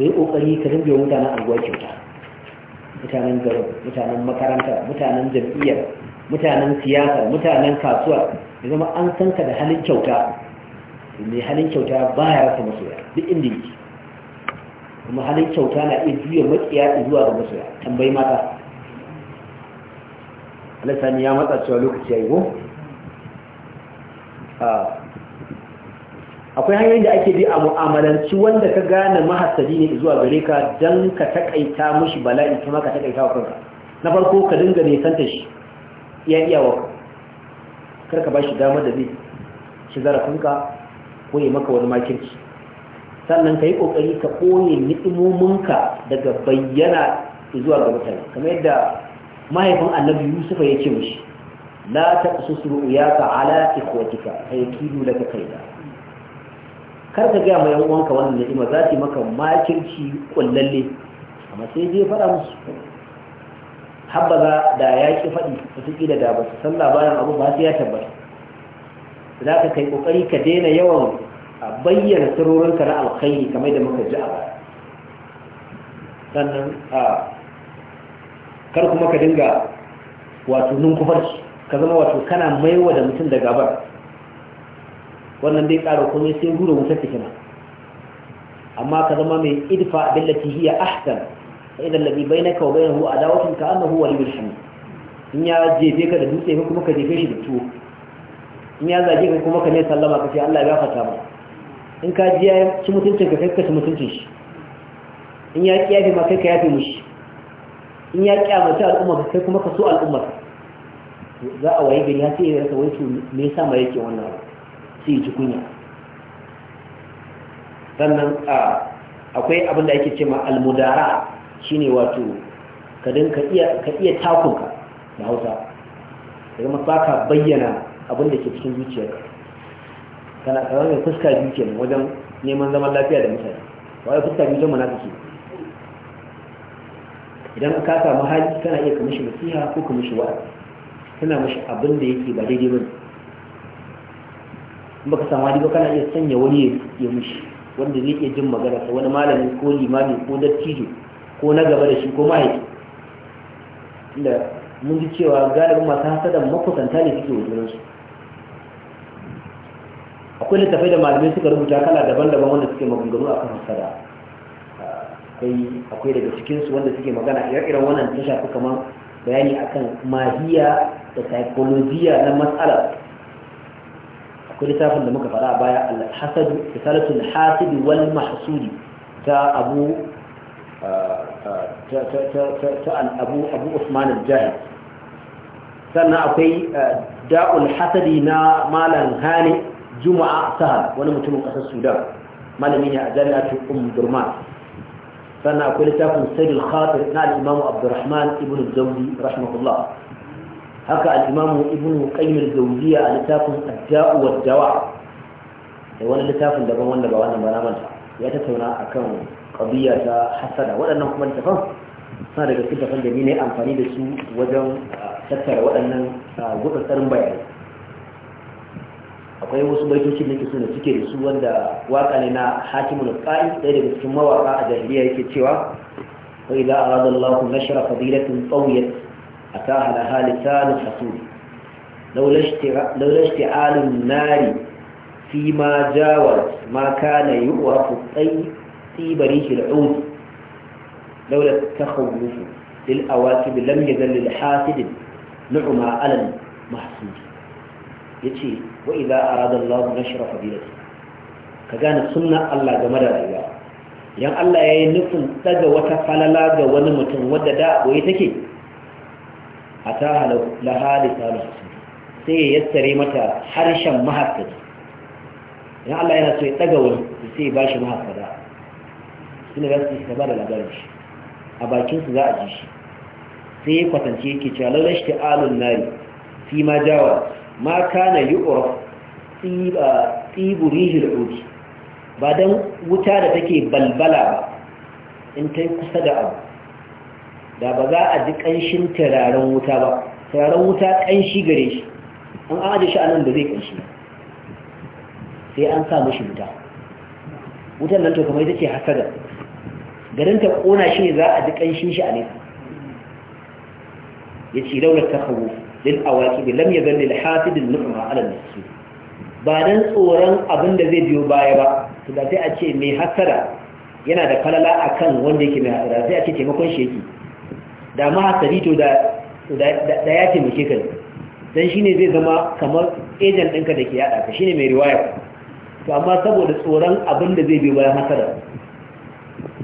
yi kokari ka dinga mutanen unguwa kyauta mutanen garin mutanen makaranta mutanen jam'iyyar mutanen siyasar mutanen kasuwa ya zama an san ka da halin kyauta mai halin kyauta ba ya rasa masoya duk inda yake kuma halin kyauta na iya juya matsiya zuwa ga masoya tambayi mata Sani ya matsa cewa lokaci ya yi ko akwai hanyoyin da ake bi a mu'amalanci wanda ka gane mahasadi ne zuwa gare ka don ka takaita mushi bala'i kuma ka takaita wa kanka na farko ka dinga nesanta shi iya wa karka ba shi damar da zai shi zarafinka ko yi maka wani makirci sannan ka yi ƙoƙari ka koye ni'imominka daga bayyana zuwa ga mutane kamar yadda mahaifin annabi yusufa ya ce mushi la taqsus ru'yaka ala ikwatika fayakidu laka kaida kar ka ga mai uwanka wannan ni'ima za ta maka makirci kullalle amma sai je fara musu habbaza da ya ki faɗi wataƙila da ba su san abu ba sai ya tabbata za ka kai ƙoƙari ka daina yawan bayyana sirorinka na alkhairi kamar da muka ji a baya a kar kuma ka dinga wato nunkufarci ka zama wato kana maiwa da mutum da gabar wannan bai tsara komai sai gura wutar fitina amma ka zama mai idfa billati hiya ahsan fa bai ladhi bainaka wa bainahu adawatun ka annahu waliyyul hamid in ya jefe ka da dutse ko kuma ka jefe shi da tuwo in ya zage ka kuma ka ne sallama ka ce Allah ya gafarta maka in ka ji ya ci mutuncin ka kai ka ci mutuncin shi in ya ƙi yafe ma kai ka yafe mushi in ya ƙi kiyamata al'umma ka kai kuma ka so al'umma za a wayi gari sai ya rasa wai me yasa ma yake wannan su sai ji kunya sannan a akwai abin da ake cewa almudara shine wato ka iya ka iya takunka da Hausa ka bayyana abin da ke cikin zuciyarka kana kana mai fuska biyu kenan wajen neman zaman lafiya da mutane wai fuska biyu mana na idan ka samu hali kana iya kamishi nasiha ko kamishi wa'azi suna mashi abin da yake ba daidai bane in baka samu hali ba kana iya sanya wani ya mishi wanda zai iya jin magana sa wani malami ko limami ko dattijo ko na gaba da shi ko mahaifi inda mun ji cewa galibin masu hasadan makusanta ne suke wa junansu akwai littafai da malamai suka rubuta kala daban-daban wanda suke maganganu a kan hasada akwai daga cikinsu wanda suke magana ire-iren wannan ta shafi kamar bayani akan mahiya da psychologiya na matsala akwai littafin da muka fara a baya al-hasadu risalatul hasidi wal mahsudi ta abu uh, uh, ta abu abu Usman al-Jahid sannan akwai uh, da'ul hasadi na malam Hani Juma'a Sahal wani mutumin ƙasar Sudan malami ne a jami'atu Umm Durman sannan akwai littafin sayyidul khatir na al-imamu abdurrahman ibn zawdi rahimahullah haka al-imamu ibn qayyim al-zawdiya a littafin ad-da'u dawa da wani littafin daban wanda ba wannan ba na manta ya tattauna akan qadiyya ta hasada waɗannan kuma littafan suna daga cikin littafan da ni ne amfani da su wajen tattara waɗannan gutsarin bayani. akwai wasu baitoci da suna suke da su wanda waka ne na hakimul qa'i ɗaya daga cikin mawaka a jahiliya yake cewa fa idza arada Allahu nashra fadilatin tawiyat ataha laha lisanu hasud laula ishti'alun nari fi ma jawar ma kana yu'rafu tsayi tibari hil'ud laula takhawuf lil awakib lam yazal lil hasid nu'ma alal Ya ce, wa a idza arada na nashra fadilati ka gane sunan Allah game da rayuwa yan Allah ya yi nufin daga wata falala ga wani mutum wanda da boye take ataha la halisa sai ya yassare mata harshen mahaifin yan Allah yana so ya daga wani sai ba shi mahaifada suna za su yi ba da labarin shi a bakinsu za a ji shi sai ya kwatance yake cewa lalashi ta alun nari fi ma jawa ma kana yu'raf tibu rihil uti ba don wuta da take balbala ba in ta kusa da abu da ba za a ji kanshin turaren wuta ba turaren wuta ƙanshi gare shi an aje shi a nan da zai kanshi sai an sa mashi wuta wutan nan to kamar ita ce hasada garin ta ƙona shi ne za a ji kanshin shi a nesa ya ce raunar ta hagu lil awaqib lam yazal lil hasid al nu'ma ala al nasib ba dan tsoron abin da zai biyo baya ba to da sai a ce mai hasara yana da falala akan wanda yake mai hasara sai a ce taimakon sheki. da ma hasari to da da ya taimake ka dan shine zai zama kamar agent ɗinka da ke yada ka shine mai riwaya to amma saboda tsoron abin da zai biyo bayan hasara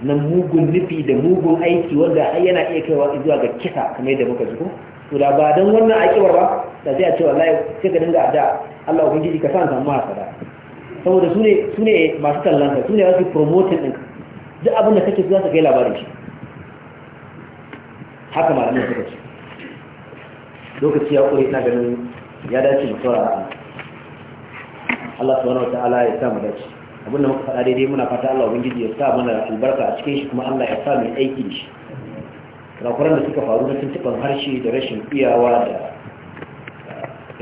na mugun nufi da mugun aiki wanda har yana iya kaiwa zuwa ga kisa kamar yadda muka ji ko to da ba don wannan aƙibar ba da zai a ce wallahi sai ka dinga adda Allah ubangiji ka san samu hasada saboda su ne su masu kallon ka su ne wasu promoting ɗinka duk abin da kake za su kai labarin shi haka malamin suka ce lokaci ya ƙure na ganin ya dace mu saurara Allah subhanahu wataala ya sa mu dace abin da muka faɗa daidai muna fata Allah ubangiji ya sa mana albarka a cikin shi kuma Allah ya sa mu aiki da shi kurakuran da suka faru na tuntuban harshe da rashin iyawa da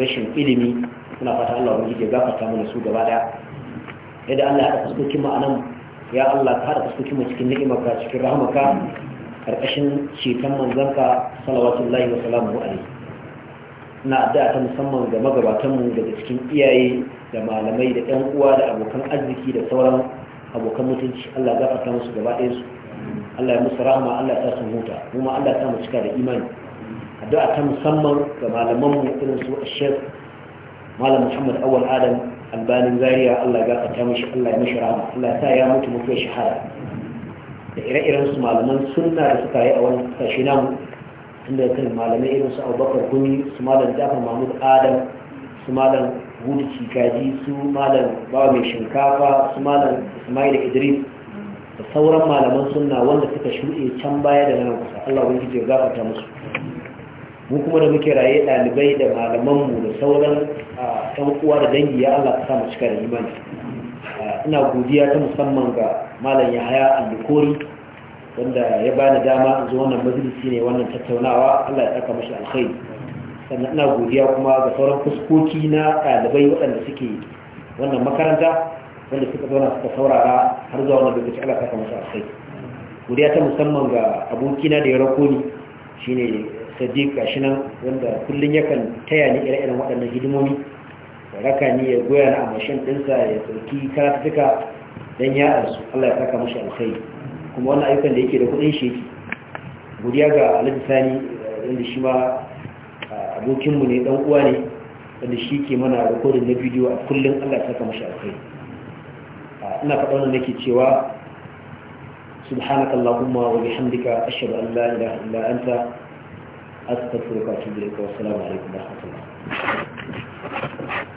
rashin ilimi suna fata Allah wani ya gafarta mana su gaba daya yadda Allah ya haɗa fuskokin mu nan, ya Allah ta haɗa fuskokin mu cikin ni'imarka cikin rahamaka karkashin ceton manzanka salawatullahi wa salamu alaihi na addu'a ta musamman ga magabatanmu daga cikin iyaye da malamai da ɗan uwa da abokan arziki da sauran abokan mutunci Allah gafarta musu gaba ɗaya su Allah ya musu rahama Allah ya sa su huta kuma Allah ya sa mu cika da imani addu'a ta musamman ga malaman mu irin su Sheikh Malam Muhammad Awal Adam Albanin Zaria Allah ya gafarta mishi Allah ya mishi rahama Allah ya sa ya mutu mu kai shahada da ire-iren su malaman sunna da suka yi a wannan kasashe namu inda kan malamai irin su Abubakar Gumi su Malam Jafar Mahmud Adam su Malam Hudu Cikaji su Malam Bawa Mai Shinkafa su Malam Ismail Idris da sauran malaman sunna wanda suka shuɗe can baya da nan kusa Allah wani ya gafata musu mu kuma da muke raye ɗalibai da malamanmu da sauran ɗan uwa da dangi ya Allah ta sa mu cika da imani ina godiya ta musamman ga malam Yahaya Al-Bukhari wanda ya bani dama in zo wannan majalisi ne wannan tattaunawa Allah ya saka mashi alkhairi sannan ina godiya kuma ga sauran fuskoki na ɗalibai waɗanda suke wannan makaranta wanda suka zauna suka saurara har zuwa wani lokaci Allah saka masa alkhairi godiya ta musamman ga abokina da ya rako ni shine Sadiq gashi nan wanda kullun yakan taya ni ire-iren waɗannan hidimomi raka ni ya goya na amashin ɗinsa ya sauki karatuka don ya arsu Allah ya saka mashi alkhairi kuma wannan ayyukan da yake da kuɗin shi godiya ga Alhaji Sani wanda shi ma abokinmu ne dan uwa ne wanda shi ke mana rikodin na bidiyo a kullum Allah ya saka mashi alkhairi ina faɗa wannan nake cewa subhanaka allahumma wa bihamdika ashhadu an la ilaha illa anta astaghfiruka wa atubu ilayk wa assalamu alaikum wa rahmatullah